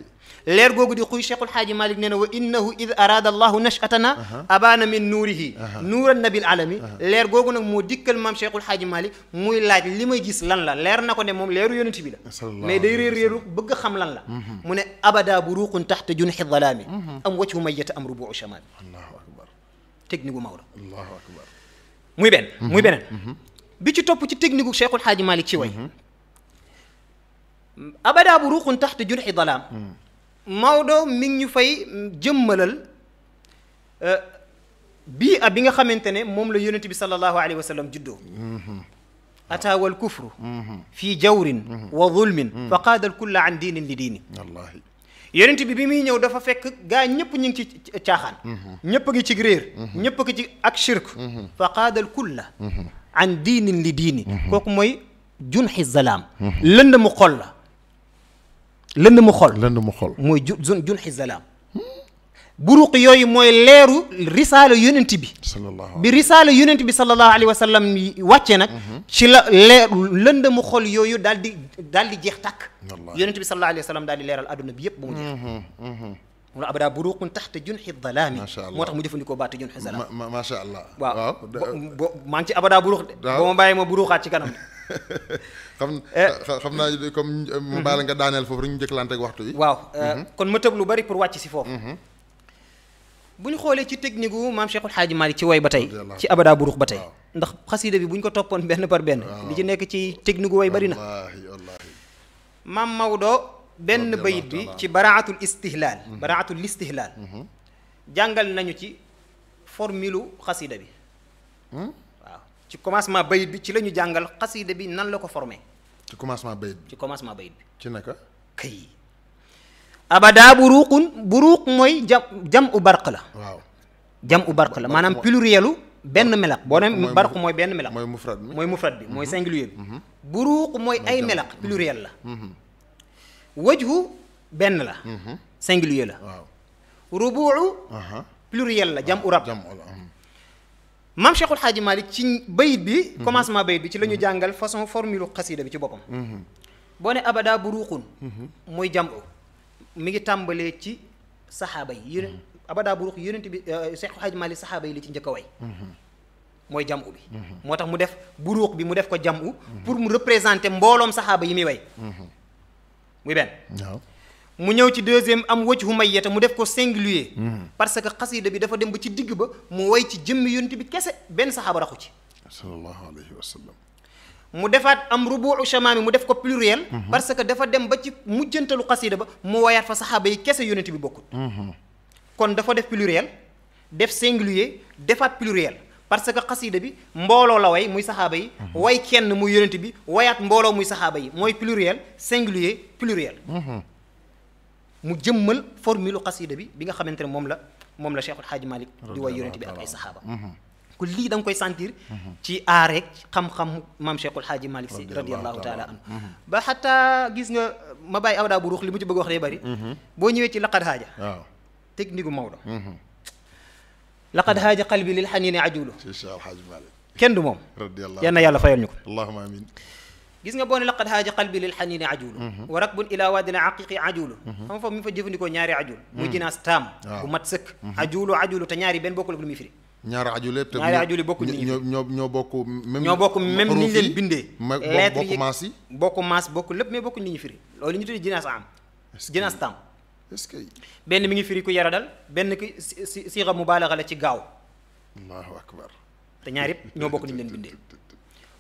leer googu di xuy cheikhul xaaji malik nee wa innahu id araada allahu nachatana abaana min nuurihi nuuran nabil alami leer googu nag moo dikkal maam cheikhul xaaji malik muy laaj li may gis lan la leer na ne moom leeru yonent bi la mais day réer réeru bëgg xam lan la mu abada buruuqun taxta junxi dalaami am wajhu mayyata am rubu shamaami technique gu Maodo. allahu akbar muy benn. muy beneen. bi ci topp ci technique gu Cheikhul Xaaji Malick ci way abadaa bu ruuxun tax te junxi dalaam. Maodo mi ngi ñu fay jëmmalal bii ab bi nga xamante ne moom la yonent bi sallallahu alayhi wa sallam juddoo. ataa wal kufru. fii jawrin wa zulmin. fa qaadal kulla an diinin li diini. wallaahi. yonent bi bi muy ñëw dafa fekk gaa ñëpp ñu ngi ci caaxaan ñëpp ngi ci réer ñëpp ngi ci ak shirk fa qaadal kulla an diinin li diini kooku mooy junxi zalaam lënd mu xol la lënd mu xol lënd mu xol mooy jun junxi zalaam buruq yoy moy leeru risala yonenti bi bi risala yonenti bi sallallahu alayhi wa sallam wàcce nak ci la leeru lënd mu xol yoy daldi daldi jeex tak yonenti bi sallallahu alayhi wa sallam daal di leeral bi yëpp bu mu jeex mu ne abadaa buruqun taxta dhalami motax mu tax mu jëfandikoo baata junxi dalaam macha allah waaw ma ci abada buruq bo boo ma bàyyi ma buruqaat ci kanam xam xam na comme mu nga daaneel foofu rek ñu njëkkalante ak waxtu yi waaw kon ma tëb lu bari pour wàcc ci foofu bu ñu xoolee ci technique gu maam Cheikhul Xaaji Maalik ci woy ba tey ci abada burux ba tey ndax xasida bi bu ñu ko toppoon benn par benn li ci nekk ci technique gu woy bari na maam Maodo benn bayit bi ci baraatul istihlaal mhm. baraatul istihlaal mhm. jàngal nañu ci formilu xasida bi hmm? ci commencement bayit bi ci la ñu jàngal xasida bi nan la ko formé ci commencement bayit bi ci commencement bayit bi ci abada burukun buruq moy jam jam u barq la waaw jam u barq la manam plurielu ben melak bo ne barq moy ben melak moy mufrad bi moy mufrad mhm. bi moy singulier bi mhm. buruq moy ay melak pluriel la mhm. wajhu ben la singulier la waaw rubuu pluriel la jam u rab mam cheikhul hadji malik ci bayit bi commencement bayit bi ci lañu jangal façon formule qasida bi ci boppam bo ne abada buruqun moy jam u mi ngi tàmbalee ci saxaaba yi yéen mm-hmm. abadaa bu ruux bi euh, Seexu Xaj Maalik saxaaba yi li ci njëkk a way mm-hmm. mooy jam u bi mm-hmm. moo tax mu def bu bi mu def ko jam u pour mu représenter mbooloom saxaaba yi muy way muy benn mu ñëw ci deuxième am wëcc humay yeta mu def ko singulier parce que xasida bi dafa dem ba ci digg ba mu way ci jëmmi yonent bi kese benn saxaaba raxu ci sallallahu alayhi wa mu defat am rubu'u shamami mu def ko pluriel mhm. parce que dafa dem ba ci mujjantalu qasida ba mu wayat fa sahaba yi kessa yonenti bi bokut mhm. kon dafa def pluriel def singulier defat pluriel parce que qasida bi mbolo la way muy sahaba yi mhm. way kenn muy yonenti bi wayat mbolo muy sahaba yi moy pluriel singulier pluriel mu jëmmal formule qasida bi bi nga xamantene mom la mom la Cheikhul Xaaji Malik di way yonenti bi ak ay sahaba كل لي دام كوي سانتير تي اريك خم خم مام شيخ الحاج مالك سي رضي الله تعالى عنه با حتى غيس نغ ما باي اودا بو روخ لي مجي بغ واخ لي بري بو نيوي تي لقد حاجه تيك نيغو مودو لقد حاج قلبي للحنين عجول تي شيخ الحاج مالك كين دو موم رضي الله يانا يالا فايل نيكو اللهم امين غيس نغ بون لقد حاج قلبي للحنين عجول وركب الى واد العقيق عجول فم فم مي فا جيفنديكو نياري عجول مو جيناس تام بو مات سك عجول عجول تا نياري بن بوكول بن ميفري ñaari ajuli yëpp te ñaari ajuli bokkuñu ñoo ñoo ñoo bokk. même ñoo bokk même ni ñu leen bindee. ma bokk maas yi bokk maas bokk lépp mais bokkuñu li ñu firi. loolu ñu tuddee jinaas am. jinaas tam. est-ce que benn mi ngi firi ku yara dal benn ki si mu si mubaalaga la ci gaaw. allahu akbar. te ñaar yëpp ñoo bokk ni leen bindee.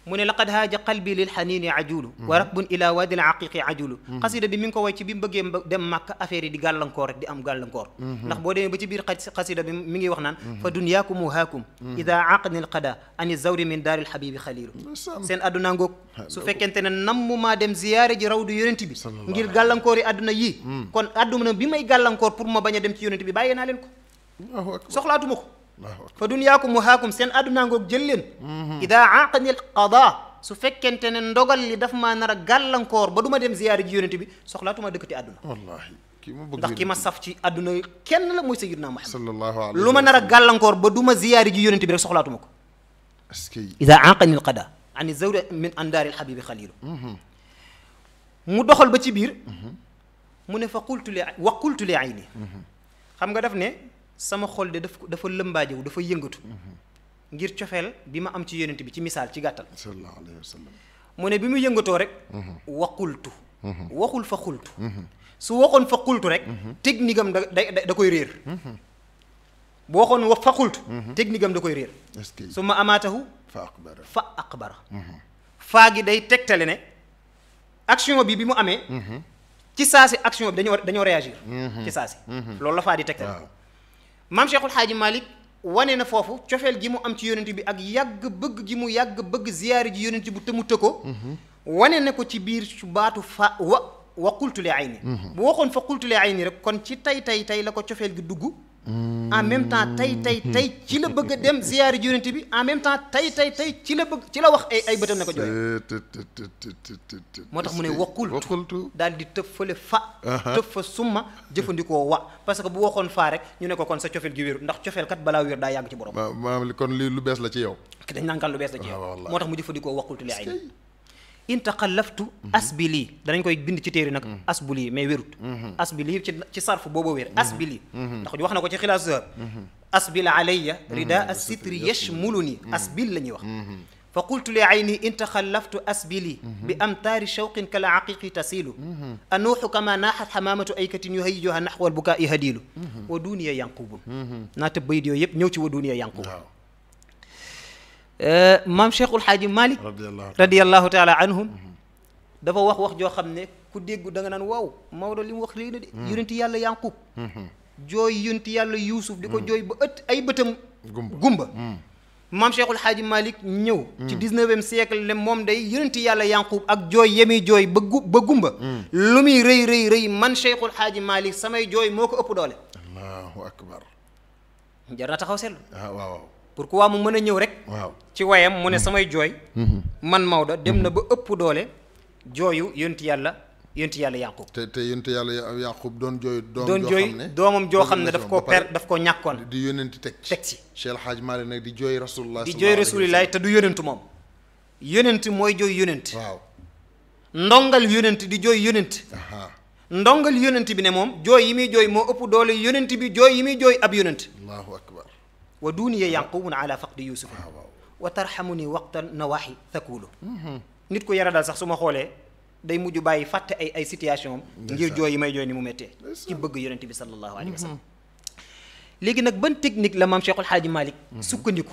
من لقد هاج قلبي للحنين عجول ورب الى واد العقيق عجول قصيده بي مينكو واي تي بيم بوغي دم مكه افير دي غالنكور دي ام غالنكور ناخ بو ديمي با تي بير قصيده بي ميغي واخ نان فدنياكم وهاكم اذا عقن القدا ان الزور من دار الحبيب خليل نعم، سين ادنا غوك سو فكنتنا نم ما دم زياره جي رود يونتي بي غير غالنكور ادنا يي كون ادنا بي ماي غالنكور بور ما باغا دم تي يونتي بي باينا لينكو سوخلاتو مكو fa dunyaakum هاكم سن أدنى àdduna جلين إذا leen idaa aqanil qadaa su fekkente ne ndogal li daf maa nar a gàllankoor ba du ma dem ziyaari ji yonente bi soxlaatuma dëkkati àdduna wallaahi ki ma bëgg ndax ki ma saf ci àdduna kenn la mooy sayyidina Muhammad sallallahu alayhi lu ma nar a gàllankoor ba du ma ziyaari ji yonente bi rek soxlaatuma ko ida aqani al qada an zawda min andaari alxabibi xalilu mu doxal ba ci biir mu ne fa qultu li wa qultu li ayni xam nga daf ne sama xol de daf dafa lëmbaajewu dafa yëngatu ngir cofeel bi ma am ci yonent bi ci misaal ci gàttal sallallahu alayhi mu ne bi mu yëngatoo rek mhm. waqultu mhm. waxul fa xultu mhm. su waxoon fa xultu rek technique am da da koy réer bu waxoon wa fa xultu technique am da koy su ma amaatahu fa aqbara fa aqbara faa gi day tegtale ne action bi bi mu amee ci saasi action bi dañoo dañoo réagir ci saasi loolu la faa di tegtale مام شيخ الحاج مالك وانينا فوفو تيوفال جيمو ام تي يونتي بي اك ياغ بوج جيمو ياغ بوج زياره جي يونتي بو تمو تكو وانينا كو تي بير باتو فا و وقلت لعيني بو واخون فقلت لعيني رك كون تي تاي تاي تاي لاكو تيوفال دي دغو en même temps tey tey tey ci la bëgg a dem ziyaari Yonent bi en même temps tey tey tey ci la bëgg ci la wax ay ay bëtam ne ko jooy moo tax mu ne waqultu daal di tëb fële fa tëb fa summa jëfandikoo wa parce que bu waxoon faa rek ñu ne ko kon sa cofeel gi wéru ndax cofeel kat balaa wér daa yàgg ci borom maanaam kon lii lu bees la ci yow dañ naan kan lu bees la ci yow ah, moo tax mu jëfandikoo waqultu li ay in taxallaftu asbi lii danañ koy bind ci téere nag asbu lii mais wérut asbi lii ci ci sarf booba wér asbi lii ndax wax na ko ci xilaasu zahab asbil alayya rida assitri yashmuluni asbil la ñuy wax fa qultu li ayni in taxallaftu asbili bi amtaari shawqin kala aqiqi tasiilu anuuxu kama naaxat xamaamatu aykatin yuhayijuha naxwa albukaa i hadiilu wa duuniya yanqubun naa tëb bayit yooyu yëpp ñëw ci wa duuniya yanqubun مام شيخ الحاج مالك رضي الله تعالى رضي الله تعالى عنهم دا فا واخ واخ جو خامني كو ديغو دا نان واو مودا لي واخ لي دي يالا يانكوب جوي يونتي يالا يوسف ديكو جوي با ات اي بتم غومبا مام شيخ الحاج مالك نيو تي 19 ام سيكل لي موم داي يونتي يالا يانكوب اك جوي يمي جوي با غومبا لومي ري ري ري مان شيخ الحاج مالك ساماي جوي موكو اوب دوله الله اكبر جرا تاخو سيل واو pour pourquoi mu mën a ñëw rek. waaw ci wayam mu ne mm-hmm. samay jooy. Mm-hmm. man Maodo mm-hmm. dem na ba ëpp doole jooyu yonti yàlla yonti yàlla yàqub. te te yonti yàlla yàqub doon jooy. doon jooy doomam joo xam ne daf koo per daf koo ñàkkoon. di yonenti teg ci teg ci. Cheikh Hadj Malick nag di jooy rasulullah. di jooy te du yonentu moom. yonent mooy jooy yonent. waaw ndongal yonent di jooy yonent. ndongal yonent bi ne moom jooy yi muy jooy moo ëpp doole yonent bi jooy yi muy jooy ab yonent. ودوني yanqumun ala faqdi yusuf wa tarhamuni waqtan nawahi thakuulu nit ku yara daal sax su ma xoolee day mujj bàyyi fàtte ay ay situation ngir jooy yi may jooy ni mu méttee ci bëgg yonente bi sallallahu alayhi wa sallam léegi nag ban technique la maam Cheikhul Xaaji Malick sukkandiku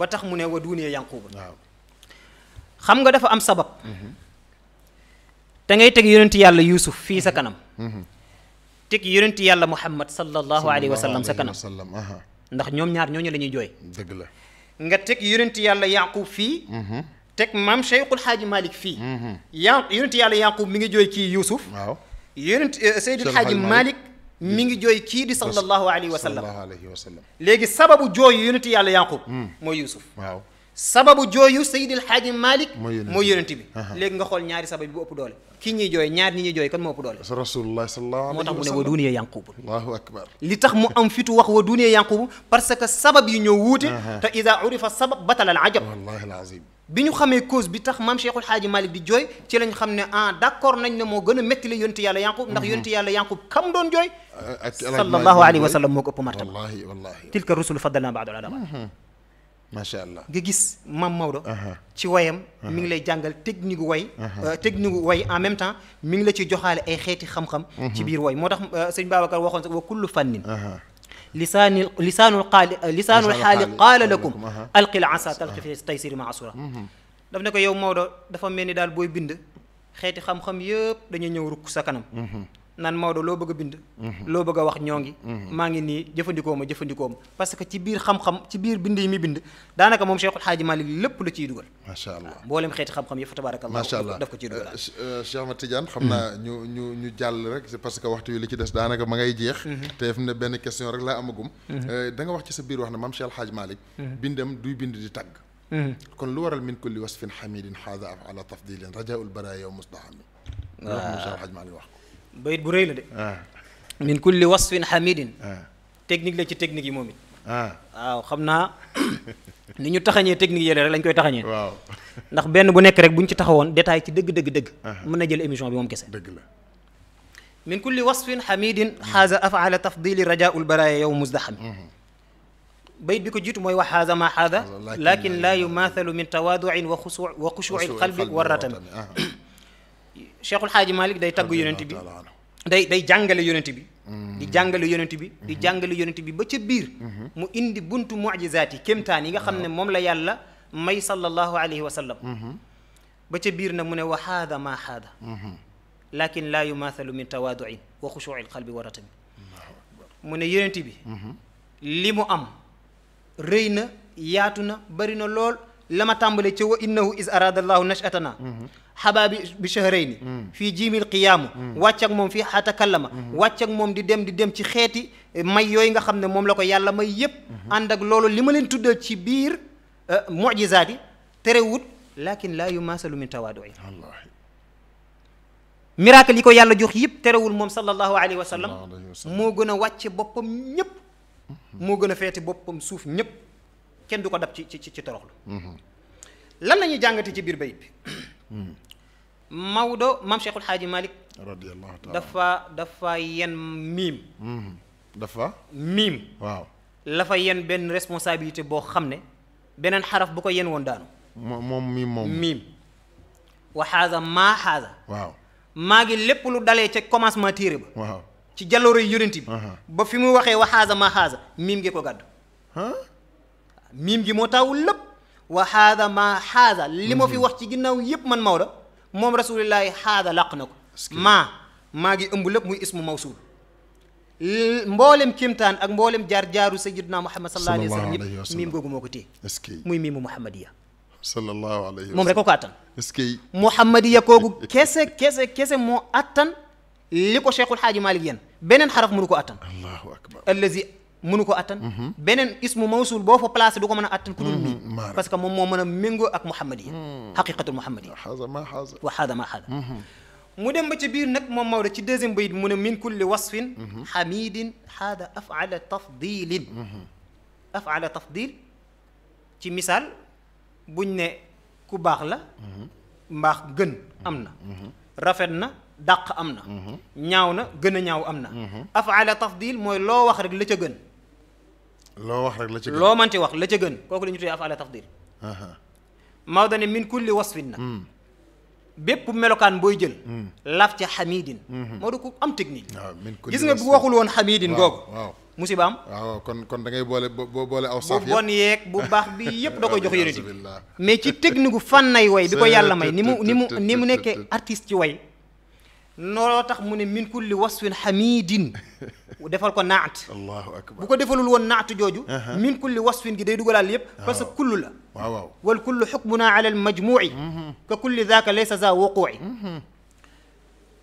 ba tax mu ne wa duuniya yanquubun xam nga dafa am sabab te ngay teg yonenti yàlla yuusuf fii sa kanam teg yonenti yàlla muhammad sallallahu alayhi wa sallam sa kanam ndax ñom ñaar ñoo ñu lañuy joy deug la nga tek yonenti yàlla yaqub fi tek mam Cheikhul haji malik fi ya yonenti yàlla yaqub mi ngi joy kii yusuf waaw yonent Seydil Xaaji Malick mi ngi joy kii di sallallahu alayhi wa sallam. legi sababu joy yonenti yàlla yaqub. moy yusuf waaw. sababu jooyu Seydil Hadji Malick mooy yonent bi léegi nga xool ñaari sabab bi bu ëpp doole ki ñuy jooy ñaar ñi ñuy jooy kan moo ëpp doole rasulullah sallallahu alayhi wa sallam moo tax mu ne wa duuniya yanqubu allahu akbar li tax mu am fitu wax wa duuniya yanqubu parce que sabab yi ñoo wuute te ida urifa sabab batala al ajab wallahi al azim bi ñu xamee cause bi tax maam Cheikhul Hadji Malick di jooy ci lañ xam ne ah d'accord nañ ne moo gën a métti la yonti yàlla yanqub ndax yonti yàlla yanqub kam doon jooy sallallahu alayhi wa sallam moo ko ëpp martaba wallahi wallahi tilka rusul faddalna baadu ala macha allah nga gis maam Maodo. ci wayam mi ngi lay jàngal technique gu way. technique gu way en même temps mi ngi la ci joxaale ay xeeti xam-xam. ci biir way moo tax sëñ Babacar waxoon sax wa kullu fannin. lisaani lisaanul qaali lisaanul xaali qaala lakum alqil asa talqi fi taysiri ma asura daf ne ko yow Maodo dafa mel ni daal booy bind xeeti xam-xam yëpp dañuy ñëw rukk sa kanam. nan Maodo lo bëgg bind lo bëgg wax ñongi ma ngi ni jëfëndiko ma jëfëndiko ma parce que ci biir xam-xam ci biir bind yi mi bind danaka mom Cheikhul Xaaji Malik lépp lu ci duggal ma sha allah mboolem xeeti xam-xam yëpp tabarakallah allah daf ko ci duggal Cheikh Ahmad Tidiane xamna ñu ñu ñu jàll rek c'est parce que waxtu yi li ci dess danaka ma ngay jeex te fi ne ben question rek laa amagum da nga wax ci sa biir wax na mam Cheikh Xaaji Malik bindam duy bind di tag kon lu waral min kulli wasfin hamidin hadha ala tafdilin rajaul baraya wa mustahami wa wax بيت بريلة آه. من كل وصف حميد آه. تكنيك لا تكنيك مومي آه. آه خمنا نيو تخاني تكنيك يلا لين كوي تخاني واو نخ بين بو نيك ريك بو نتي تخاون ديتاي تي دغ دغ دغ من كل وصف حميد حاز افعل تفضيل رجاء البرايا يوم مزدحم بيت بيكو جيتو موي واخ ما هذا لكن لا يماثل من تواضع وخشوع وخشوع القلب والرتم Cheikhul Xaaji Malik day tagg yonent bi day day jàngale yonent bi di jàngale yonent bi di jàngale yonent bi ba ca biir mu indi buntu mujizaat yi kémtaan yi nga xam ne moom la yàlla may sallallahu alayhi wa sallam ba ca biir na mu ne wa haada maa haada lakin laa yumaathalu min tawaaduin wa xushuuci lxalbi wa ratami mu ne yonent bi li mu am rëy na yaatu na bari na lool la ma tàmbale ca wa innahu is araada allahu nashatana xabaa bi bi shahrayni fii jiimil qiyaamu wàcc ak moom fii xatakallama wàcc ak moom di dem di dem ci xeeti may yooyu nga xam ne moom la ko yàlla may yëpp ànd ak loolu li ma leen tuddal ci biir mujizaat yi terewut lakin laa yumaasalu min tawaaduin miracle yi ko yàlla jox yëpp terewul moom sallallahu alayhi wa sallam moo gën a wàcce boppam ñëpp moo gën a feeti boppam suuf ñëpp kenn du ko dab ci ci ci toroxlu lan la ñuy jàngate ci biir bayit bi Maodo maam Cheikhul Xaaji Malick. radiyallahu taala dafa dafa yen miim. dafa. miim waaw. la fa yen benn responsabilité boo xam ne beneen xaraf bu ko yen woon daanu. moom miim moom miim. wa xaaza maa xaaza. waaw maa ngi lépp lu dalee ca commencement téere ba. waaw ci jaloore yonent bi. ba fi mu waxee wa xaaza maa xaaza miim gi ko gàddu. miim gi moo taawul lépp. wa xaaza maa xaaza. li fi wax ci ginnaaw yépp man Maodo. موم رسول الله هذا لقنك ما ما جي أمبل مي اسمه موصول مبولم كيمتان أك مبولم جار جارو سيدنا محمد صلى الله عليه وسلم ميم غوغو موكوتي اسكي مي ميم محمديه صلى الله عليه وسلم موم ريكو كاتان اسكي محمديه كوغو كيس كيس كيس مو اتان ليكو شيخ الحاج مالك ين بنن حرف مونكو اتان الله اكبر الذي munuko ko benen ismu mawsul bo fo placé du ko mën a attan mi parce que mom mo meuna a ak ak muhammad yi xaqiqatul ma yi wa xaada ma xaada mu dem ba ci bir nak mom mawda ci deuxième bayit mu min kulli wasfin hamidin xaada afala tafdilin afala tafdil ci misal buñ ne ku bax la mbax gën amna rafetna dak amna ñaawna am ñaaw amna afala tafdil moy lo wax rek la ca gën loo wax rek la ca gën loo mënti wax la ca gën kooku la ñu tuddee afaala tafdil Maodo ne min kulli wasfin na hmm. bépp melokaan booy jël hmm. laf ca xamidin Maodo hmm. ku am technique ah, gis nga bu waxul woon xamidin googu musiba am waaw kon kon da ngay boole boo boole aw saaf bu bon yeeg bu baax bi yëpp da koy jox yonent bi mais ci technique gu fànnay way bi ko yàlla may ni mu ni mu ni mu nekkee artiste ci way nooloo tax mu ne min kulli wasfin xamiidin defal ko naat allahu akbar bu ko defalul woon naat jooju min kulli wasfin gi day dugalaal yépp parce que kullu la waaw waaw wal kullu xukmunaa ala al majmuuci ka kulli daaka laysa za wuquuci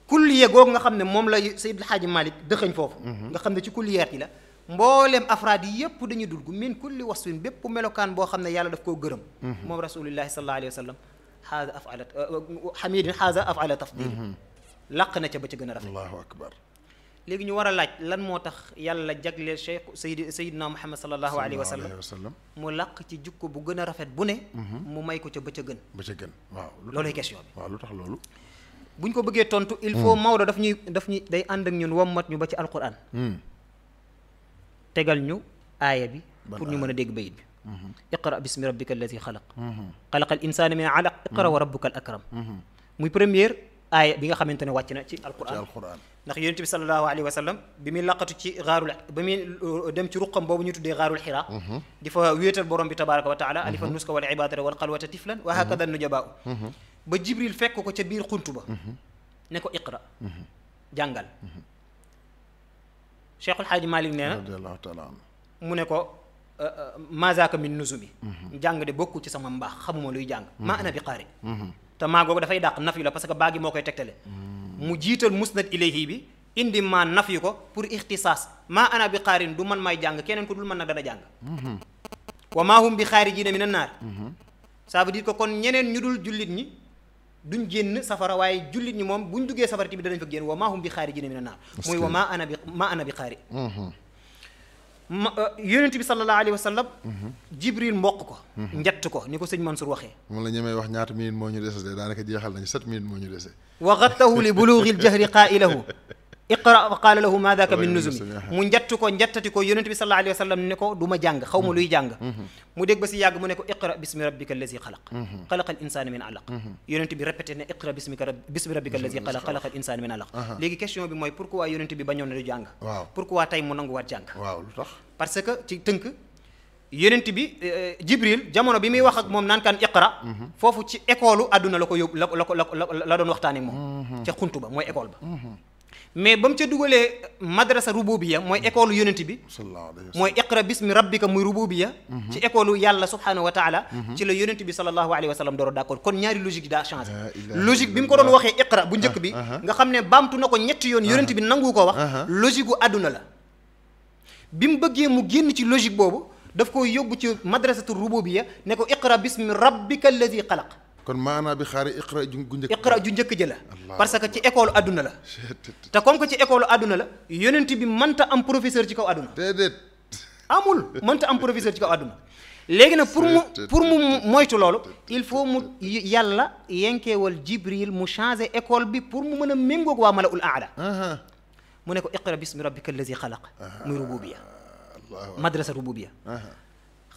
kulliye googu nga xam ne moom la Seydil Xaaji Malick dëxëñ foofu nga xam ne ci kulliyaat yi la mbooleem afraad yi yépp dañuy dugg min kulli wasfin bépp melokaan boo xam ne yàlla daf koo gërëm moom rasulillahi sallallahu alayhi wa sallam xaasa afala xamidin xaasa afala tafdil laq na ca ba ca gën a rafet allahu akbar léegi ñu war a laaj lan moo tax yàlla jagleel cheikh sayid sayidina muhammad salallahu alayhi wa sallam mu làq ci jukko bu gën a rafet bu ne mu may ko ca ba ca gën ba ca gën waaw looluy question bi waaw lu tax loolu bu ñu ko bëggee tontu il faut Maodo daf ñuy daf ñuy day ànd ak ñun wommat ñu ba ci alquran tegal ñu aaya bi pour ñu mën a dégg bayit bi iqra bismi rabbika alladi xalaq xalaqa al insana min alaq iqra wa rabbuka al akram muy première آية بيغا خامنتاني واتنا تي القرآن القرآن نخي يونتي صلى الله عليه وسلم بمي لاقتو تي غار بمي دم تي رقم بوبو نيتو دي غار الحراء دي فا ويتال بوروم بي تبارك وتعالى الف النسك والعبادة والقلوة طفلا وهكذا النجباء با جبريل فكو كو تي بير قنتبه نكو اقرا جانغال شيخ الحاج مالك نينا رضي الله تعالى عنه مونيكو ما ذاك من نزومي جانغ دي بوكو تي سما مباخ خامو لوي جانغ ما انا بقاري te maa googu dafay dàq naf yu la parce que baa gi moo koy tegtale mu jiital musnad ilayhi bi indi maa naf yi ko pour ixtisaas maa ana bi xaarin du man may jàng keneen ko dul mën nag dana jàng wa maa hum bi xaarijina mina naar ça veut dire que kon ñeneen ñu dul jullit ñi duñ génn safara waaye jullit ñi moom buñ duggee safara tamit danañ fa génn wa maa hum bi xaarijina mina naar muy wa maa ana bi maa ana xaari ma yonent bi sallallahu alayhi wa sallam. Jibril mboq ko. njett ko ni ko sëñ Mansour waxee. moom la ñu may wax ñaata minutes moo ñu dese daanaka jeexal nañu sept minutes moo ñu dese. waqattahu li buluughil jahri qaa'ilahu اقرا وقال له ما ذاك من نزم من جات كو نجاتتي كو يونتبي صلى الله عليه وسلم نكو دوما جانغ خاوما لوي جانغ مو ديك باسي ياغ مو اقرا باسم ربك الذي خلق خلق الانسان من علق يونتبي ريبيتي ن اقرا باسمك رب باسم ربك الذي خلق خلق الانسان من علق ليغي كيسيون بي موي بوركو يونتبي باньоن لوي جانغ بوركو تاي مو نانغ وات جانغ واو لوتاخ باسكو تي تنك يونتي آه، جبريل جامونو بيمي واخ اك موم نان كان اقرا فوفو تي ايكولو ادونا لاكو لا دون واخاني موم تي خونتو با موي ايكول با mais ba mu ca dugalee madrasa rububiya mooy école yonent bi mooy iqra bismi rabbika muy rububiya ci école yàlla subhanahu wa taala ci la yonent bi sallallahu alayhi wa sallam dooro d'accord kon ñaari logique yi daa changé logique bi mu ko doon waxee iqra bu njëkk bi nga xam ne baamtu na ko ñetti yoon yonent bi nangu ko wax logique gu àdduna la bi mu bëggee mu génn ci logique boobu daf ko yóbbu ci madrasatu rububiya ne ko iqra bismi rabbika alladi xalaq kon maanaa bi xaari iqra ju gu njëkk iqra ju njëkk ji la parce que ci école adduna la te comme que ci école adduna la yonent bi mënta am professeur ci kaw adduna déedéet amul mënta am professeur ci kaw adduna léegi nag pour mu pour mu moytu loolu il faut mu yàlla yenke wal jibril mu changer école bi pour mu meuna mengo wa malaul a'la mu ne ko iqra bismi rabbikal ladhi khalaq mu rububiyya madrasa rububiya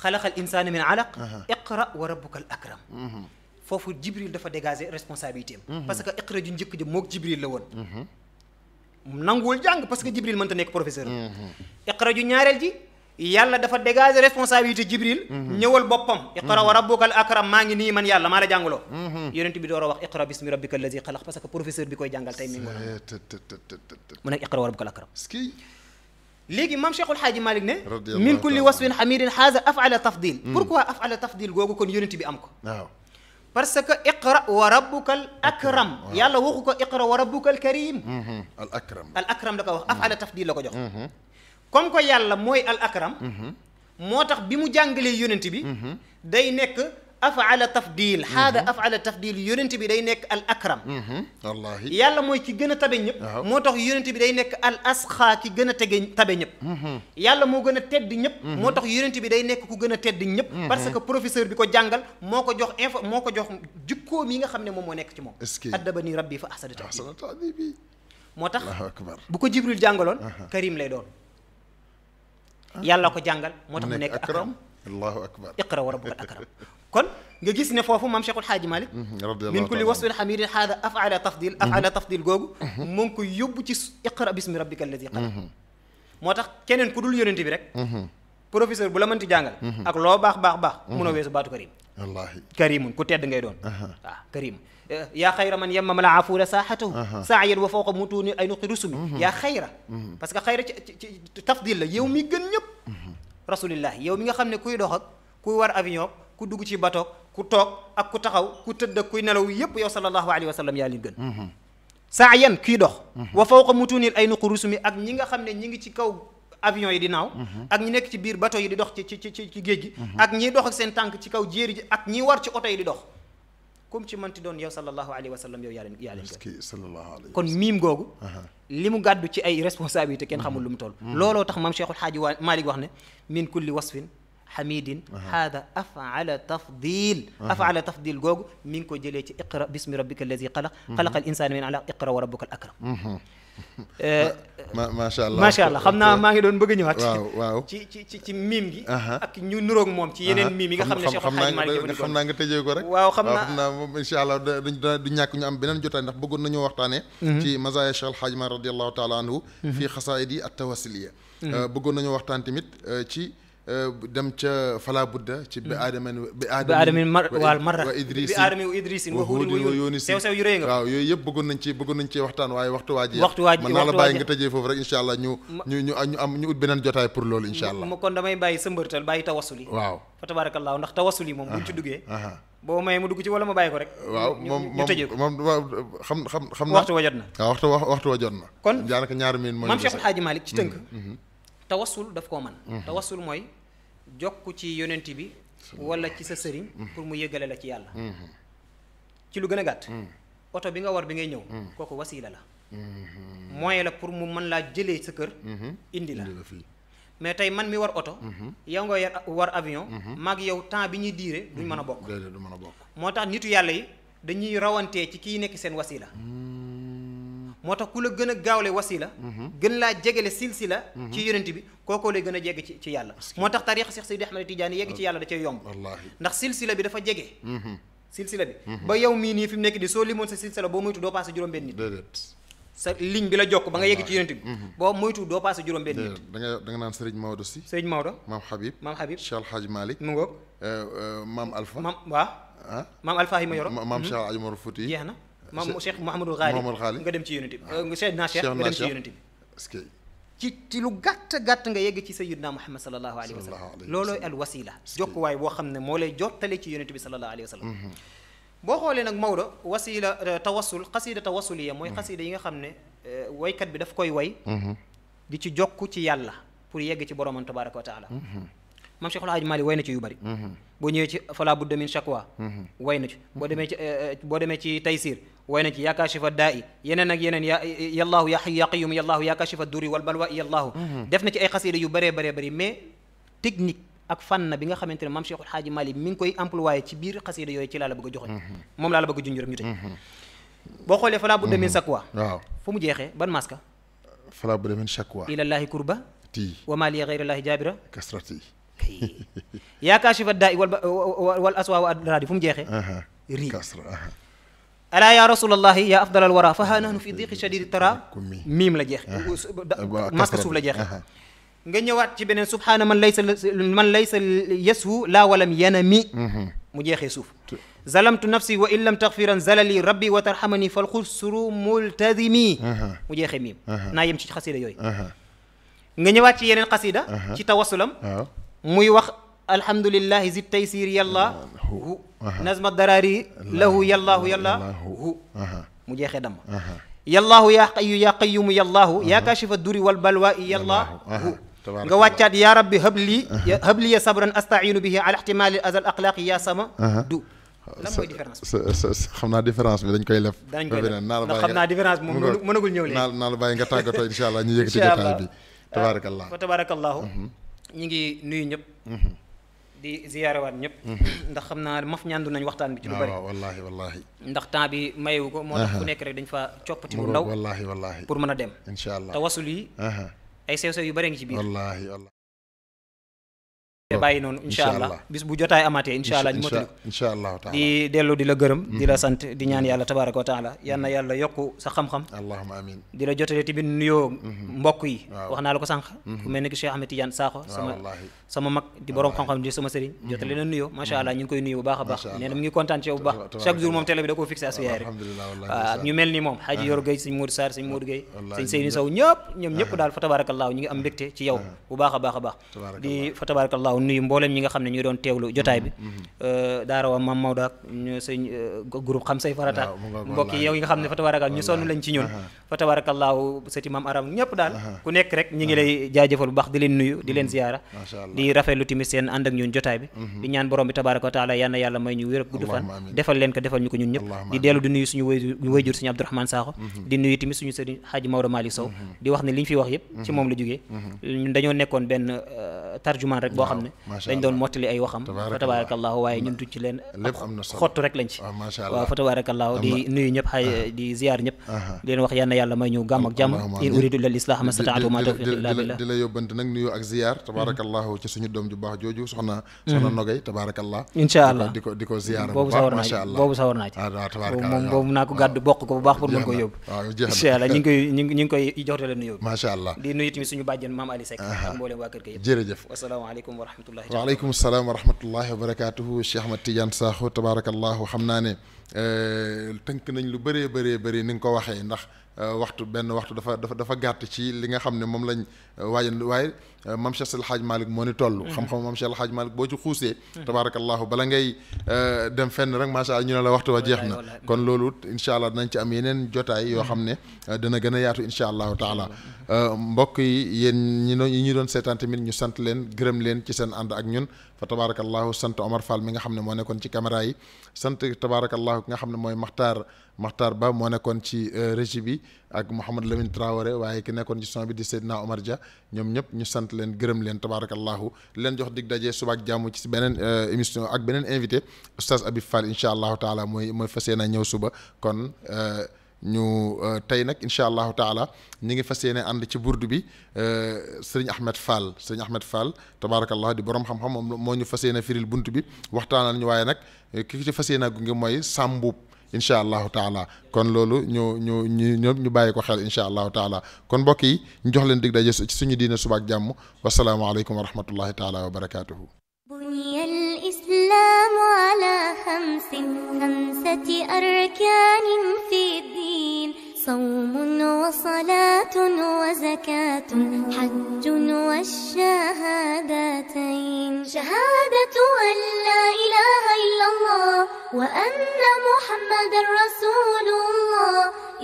xalaqa al insana min alaq iqra wa rabbuka akram fofu Jibril dafa dégager responsabilité parce que iqra ju ñëk ja mok Jibril la woon. nangul jàng parce que Jibril mënta nek professeur. iqra ju ñaarel ji. yàlla dafa dégager responsabilité jibril ñëwal bopam iqra wa rabbukal akram ma ngi ni man yàlla ma la jangulo yonent bi door wax iqra bismi rabbikal ladhi khalaq parce que professeur bi koy jàngal tay mi ngoon mu nekk iqra wa rabbukal akram léegi maam Cheikhul Xaaji Malik ne min kulli wasfin xamidin haza afala tafdil pourquoi afala tafdil googu kon yonent bi am ko waaw برسك اقرأ وربك الأكرم آه. يا الله وخك اقرأ وربك الكريم الأكرم الأكرم لك أفعل تفضيل لك جو كم كو يا موي الأكرم موتخ بمجانجلي يونتي بي داي نيك افعل تفضيل هذا افعل تفضيل يونتي بي داي نيك الاكرم والله يالا موي كي غنا تابي نيب موتاخ يونتي بي داي نيك الاسخا كي غنا تيغي تابي نيب يالا مو غنا تيد نيب موتاخ يونتي بي داي نيك كو غنا تيد نيب باسكو بروفيسور بيكو جانغال موكو جوخ انف موكو جوخ جيكو ميغا خامني مومو نيك تي موم ادبني ربي فا احسن تعذيبي موتاخ الله اكبر بوكو جبريل جانغالون كريم لاي دون يالا كو جانغال موتاخ نيك أكرم. الله اكبر اقرا وربك الاكرم كن nga gis ne foofu maam Cheikhul Xaaji Malik min kulli wasfin xamiri xaada afala tafdil afala tafdil googu mu ngi ko yóbbu ci iqra bismi rabbika alladi xalaq moo tax keneen ku dul yonente bi rek professeur bu la mënti jàngal ak loo baax baax baax munoo weesu baatu karim wallaahi karimun ku tedd ngay doon waaw karim yaa xayra man yemma mala afuura saaxatahu saayan wa fawqa mutuuni ay nuqi rusumi yaa xayra parce que xayra ci tafdil la yow mi gën ñëpp rasulillah yow mi nga xam ne kuy dox ak kuy war avion ku dugg ci bato ku toog ak ku taxaw ku tëdd ak kuy nelaw yépp yow sallallahu alayhi wa sallam yaa leen gën mhm. saa yan kiy dox mhm. wa fawqa mutunil ay nuqu rusumi ak ñi nga xam ne ñi ngi ci kaw avion yi di naaw mhm. ak ñi nekk ci biir bato yi di dox ci ci ci ci géej gi ak ñiy dox ak seen tànk ci kaw jéeri ji ak ñi war ci oto yi di dox comme ci manti doon yow sallallahu alayhi wa sallam yow yaa leen yaa leen ko kon miim googu li mu gàddu ci ay responsabilité kenn xamul lu mu toll looloo tax maam Cheikhul Xaaji wa Malick wax ne min kulli wasfin xamidin haada afala tafdil afala tafdil googu mi ngi ko jëlee ci iqra bismi rabbika allazi xalaq xalaqa al insana min alaq iqra wa rabbuka al akram macha allah macha allah xam naa maa ngi doon bëgg a ñëwaat. waaw waaw ci ci ci ci mim gi. ak ñu nuroog moom ci yeneen mim yi nga xam ne. xam naa xam naa nga tëjee ko rek. waaw xam naa moom allah du ñàkk ñu am beneen jotaay ndax bëggoon nañoo waxtaanee. Mhm. ci mazaaya Cheikh Alhaaj Maalik radiyallahu taala anhu. Mhm. fii xasaayid yi at tawasiliya. Mhm. Euh, bëggoon nañoo waxtaan tamit euh, ci. Euh, dem ca Fala Budda. ci bi aadamin mm-hmm. bi aadamin mar wal marra wa idrisin bi aadamin wa idrisin sew sew yu rëy nga waaw yooyu yëpp bëggoon nañ ci bëggoon nañ ci waxtaan waaye waxtu waa jeex waxtu waa jeex mën naa la bàyyi nga tëjee foofu rek incha allah ñu ñu ñu am yi waaw fa tabaarakallaahu ndax tawasul yi moom buñ ci duggee boo mayee mu dugg ci wala ma bàyyi ko rek waaw moom moom xam xam xam na waxtu wa jot na waaw waxtu waxtu wa jot na kon daanaka ñaari min mo Maam Cheikh ci tënk mm-hmm, mm-hmm. tawassul daf koo mën mhm. tawassul mooy jokk ci yonent bi wala ci sa sëriñ mhm. pour mu yëgale la ci yàlla mhm. ci lu gën a gàtt oto bi nga war bi ngay ñëw kooku wasiila la moyen la pour mu mën laa jëlee sa kër indi la mais tey man mi war oto yow nga war avion maag yow temps bi ñuy diire duñ mën a bokk moo tax nitu yàlla yi dañuy rawantee ci kiy nekk seen wasiila moo tax ku la gën a gaawle wasila mhm. gën laa jegele silsila mhm. ci yonent bi koo lay gën a jege ci ci yàlla moo tax tariixa Seex Seydi Ahmad Tijaani yegg ci yàlla da cay yomb ndax silsila bi dafa jege mhm. silsila bi ba yow mii nii fi mu nekk di soo limoon sa silsila boo moytu doo passé juróom benn nit sa ligne bi la jokk ba nga yegg ci yonent bi boo moytu doo passé juróom benn nit da nga da nga naan Serigne Maodo si Serigne Maodo maam maam Habib Al Hadj Malick mu ngoog eh, eh, maam Alpha maam waa ah? maam Alpha yi ma Al Hadj Omar Fouti na maam Cheikh Mouhamadul Ghali nga dem ci yonent bi Seydina Cheikh nga dem ci yonent bi ci ci lu gàtt gàtt nga yegg ci Sayyidina Muhammad sallallahu alayhi wa sallam loolooy al wasila jokkuwaay boo xam ne moo lay jottale ci yonent bi sallallahu alayhi wa sallam boo xoolee nag Maodo wasila tawassul xasida tawassuli mooy xasida yi nga xam ne waykat bi daf koy way di ci jokku ci yàlla pour yegg ci boromam tabaraka wa taala mam cheikh Hadji mali wayna ci yu bari bo ñëwee ci fala budda min chaque fois wayna ci bo démé ci bo démé ci taysir wayna ci yaa kaashifa daa i ak yenen ya allah ya hayy ya qayyum yallaahu yaa kaashifa duri wal balwa yallaahu def na ci ay xasida yu bëree bëree bëri mais technique ak fan bi nga xamante mam cheikh Cheikhul mali mi ngi koy employé ci bir xasida yoy ci la la bëgg joxe mom la la bëgg a ñu tëj bo xolé fala budda min chaque fois fu mu jexé ban maska fala budda min ila allah kurba tii wa maa li ghayrillaahi jaabira kasrati يا kaashifa daa'i wal aswaa wa adraadi fu mu jeexee rii alaa yaa rasulallahi yaa afdal al wara fahaa nahnu fi diqi shadidi tara miim la jeexe maska suuf la jeexe nga ñëwaat ci beneen subhaana man laysa man laysa yashu laa walam yanami mu jeexee suuf zalamtu nafsi wa in lam zalali rabbi wa tarxamani fal xusru multazimi mu jeexee miim naa yem ci xasida yooyu nga ñëwaat ci yeneen xasida ci tawasulam muy wax alhamdulillahi zid taysir yàlla hu nazma daraari lahu yàllaahu yàlla hu mu jeexee dama yàllaahu yaa qayyu yaa qayyumu yàllaahu yaa kaashifa duri wal balwa i yàlla hu nga wàccaat yaa rabbi habli habli ya sabran astainu bihi ala ihtimali azal axlaaqi yaa sama du lan mooy différence bi xam naa différence bi dañ koy lef dañ koy lef ndax xam naa différence moom mënagul ñëw léegi naa la bàyyi nga tàggatoo incha allah ñu yëkkati jotaay bi tabaarakallah fa tabaarakallahu ñi ngi nuyu ñëpp. Mhm. di ziyaarewaat ñëpp. Mhm. ndax xam naa maf ñaandu nañ waxtaan bi. ci lu bari waaw wallaahi wallaahi. ndax temps bi mayewu ko. moo tax ku nekk rek dañ faa coppati lu ndaw. wallaahi wallaahi pour mën a dem. incha allah te wasul yi. ay sew sew yu bari ngi ci biir. wallaahi wallaahi. Oh, bàyyi noonu incha allah bis bu jotaay amatee incha allah ñu allah la gërëm di la mm-hmm. sant di ñaan mm-hmm. yàlla tabaraka mm-hmm. sa xam-xam di la jotalee tamit nuyoo mbokk yi wax naa la ko sànq ku mel ni na nuyoo koy nuyu bu baax a baax nee na mu ngi kontaan ci yow bu baax chaque jour moom télé bi da koo fixé asfiyaay rek ñëpp ñoom ñëpp daal fa tabarakallah a baax a baax di fa tabarakallah nuyu mbolam ñi nga xamne ñu doon tewlu jotay bi mm-hmm. Mm-hmm. Euh, daara wa mam mawda ñu sëñ euh, groupe xam say farata mbokk yow yi nga xamne fatawara ka ñu sonu lañ ci ñun fa tabarakallahu mam aram ñep daal ku nekk rek ñi ngi lay jaajëfal bu baax di leen nuyu di leen mm-hmm. ziyara di rafaelu timi seen and ak ñun jotay bi di ñaan borom bi tabaaraku taala yal yalla may ñu wër ak guddu fan defal leen ko defal ñuko ñun ñep di delu di nuyu suñu wayjur suñu abdourahman saxo di nuyu timi suñu sëriñ Hadji mawda mali saw di wax ni liñ fi wax yep ci mom la jógee ñun dañoo nekkon ben euh, tarjuman rek bo xamne dañ doon mottali ay waxam fa tabarakallahu waaye ñun duñ ci leen xottu rek lañ ci ah, waaw fa tabarakallahu di nuyu ñëpp xay di ziyaar ñëpp leen wax yàlla may ñu gàmm ak jàmm wa ma tawfiqi illa billah di la yóbbante nag nuyu ak ziyaar mm-hmm. tabarakallahu ci suñu doom ju baax jooju soxna mm-hmm. soxna nogay ko ziyaar boobu sawar ah, boobu sawar boobu naa ko gàddu bokk ko bu baax pour mën ko yóbbu insha allah ñu koy ñu ngi koy joxte la nuyu masha allah di nuyu tamit suñu bàjjen maam Ali Seck ak mboolem waa kër ga yëpp jërëjëf wasalaamaaleykum wa rahmatulah ورحمه الله وعليكم السلام ورحمه الله وبركاته الشيخ احمد تيجان ساخو تبارك الله وحمنا ني تنك نني لو بري بري بري نينكو واخي نخ وقت بن وقت دا دا دا غات شي ليغا خامني موم لا mam Cheikh El Hadj malik moo ni toll xam-xam mam Cheikh Hadj malik bo ci xuusee tabaarakallaahu bala ngay dem fenn rek ma sha allah ñu ne la waxtu wa jeex na kon lolu inshallah nañ ci am yenen jotay yo xamne dana gëna yaatu inshallah taala mbokk yi yéen ñi doon ñi doon seetaan min ñu sant leen gërëm leen ci seen ànd ak ñun fa tabaarakallaahu sant Omar Fall mi nga xamne mo nekkon ci caméra yi sant tabaarakallaahu ki nga xamne moy mooy Makhtar Makhtar Ba mo nekkon ci régie bi ak mohammed Lamine Traoré waye ki nekkon ci son bi di Seydina Omar Dia ñom ñep ñu sante len gërëm len tabarakallah len jox dig daje suba ak jàmm ci benen émission ak benen invité oustaz abib Fall inshallah taala moy moy fas yéene ñëw suba kon ñu tay nak inshallah taala ñi ngi fas yéene ànd ci burdu bi serigne Ahmed Fall serigne Ahmed Fall tabarakallah di borom xam-xam moom moo ñu fas yéene firil buntu bi waxtaan ñu waye nak ki ci fas gu ngi moy sambou incha allahu taala kon loolu ñu ñu ñu bàyyi ko xel incha allahu taala kon mbokk yi ñu jox leen dig daje ci suñu diine suba ak jàmm wasalaamualeykum wa rahmatullahi taala wa barakaatuhu. بني الإسلام على خمس خمسة أركان في صوم وصلاة وزكاة حج والشهادتين شهادة أن لا إله إلا الله وأن محمد رسول الله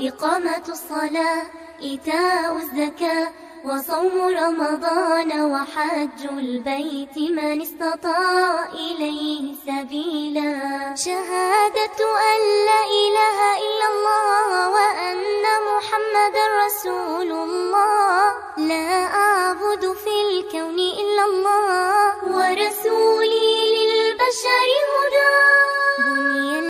إقامة الصلاة إيتاء الزكاة وصوم رمضان وحج البيت من استطاع إليه سبيلا شهادة أن لا إله إلا الله وأن محمد رسول الله لا أعبد في الكون إلا الله ورسولي للبشر هدى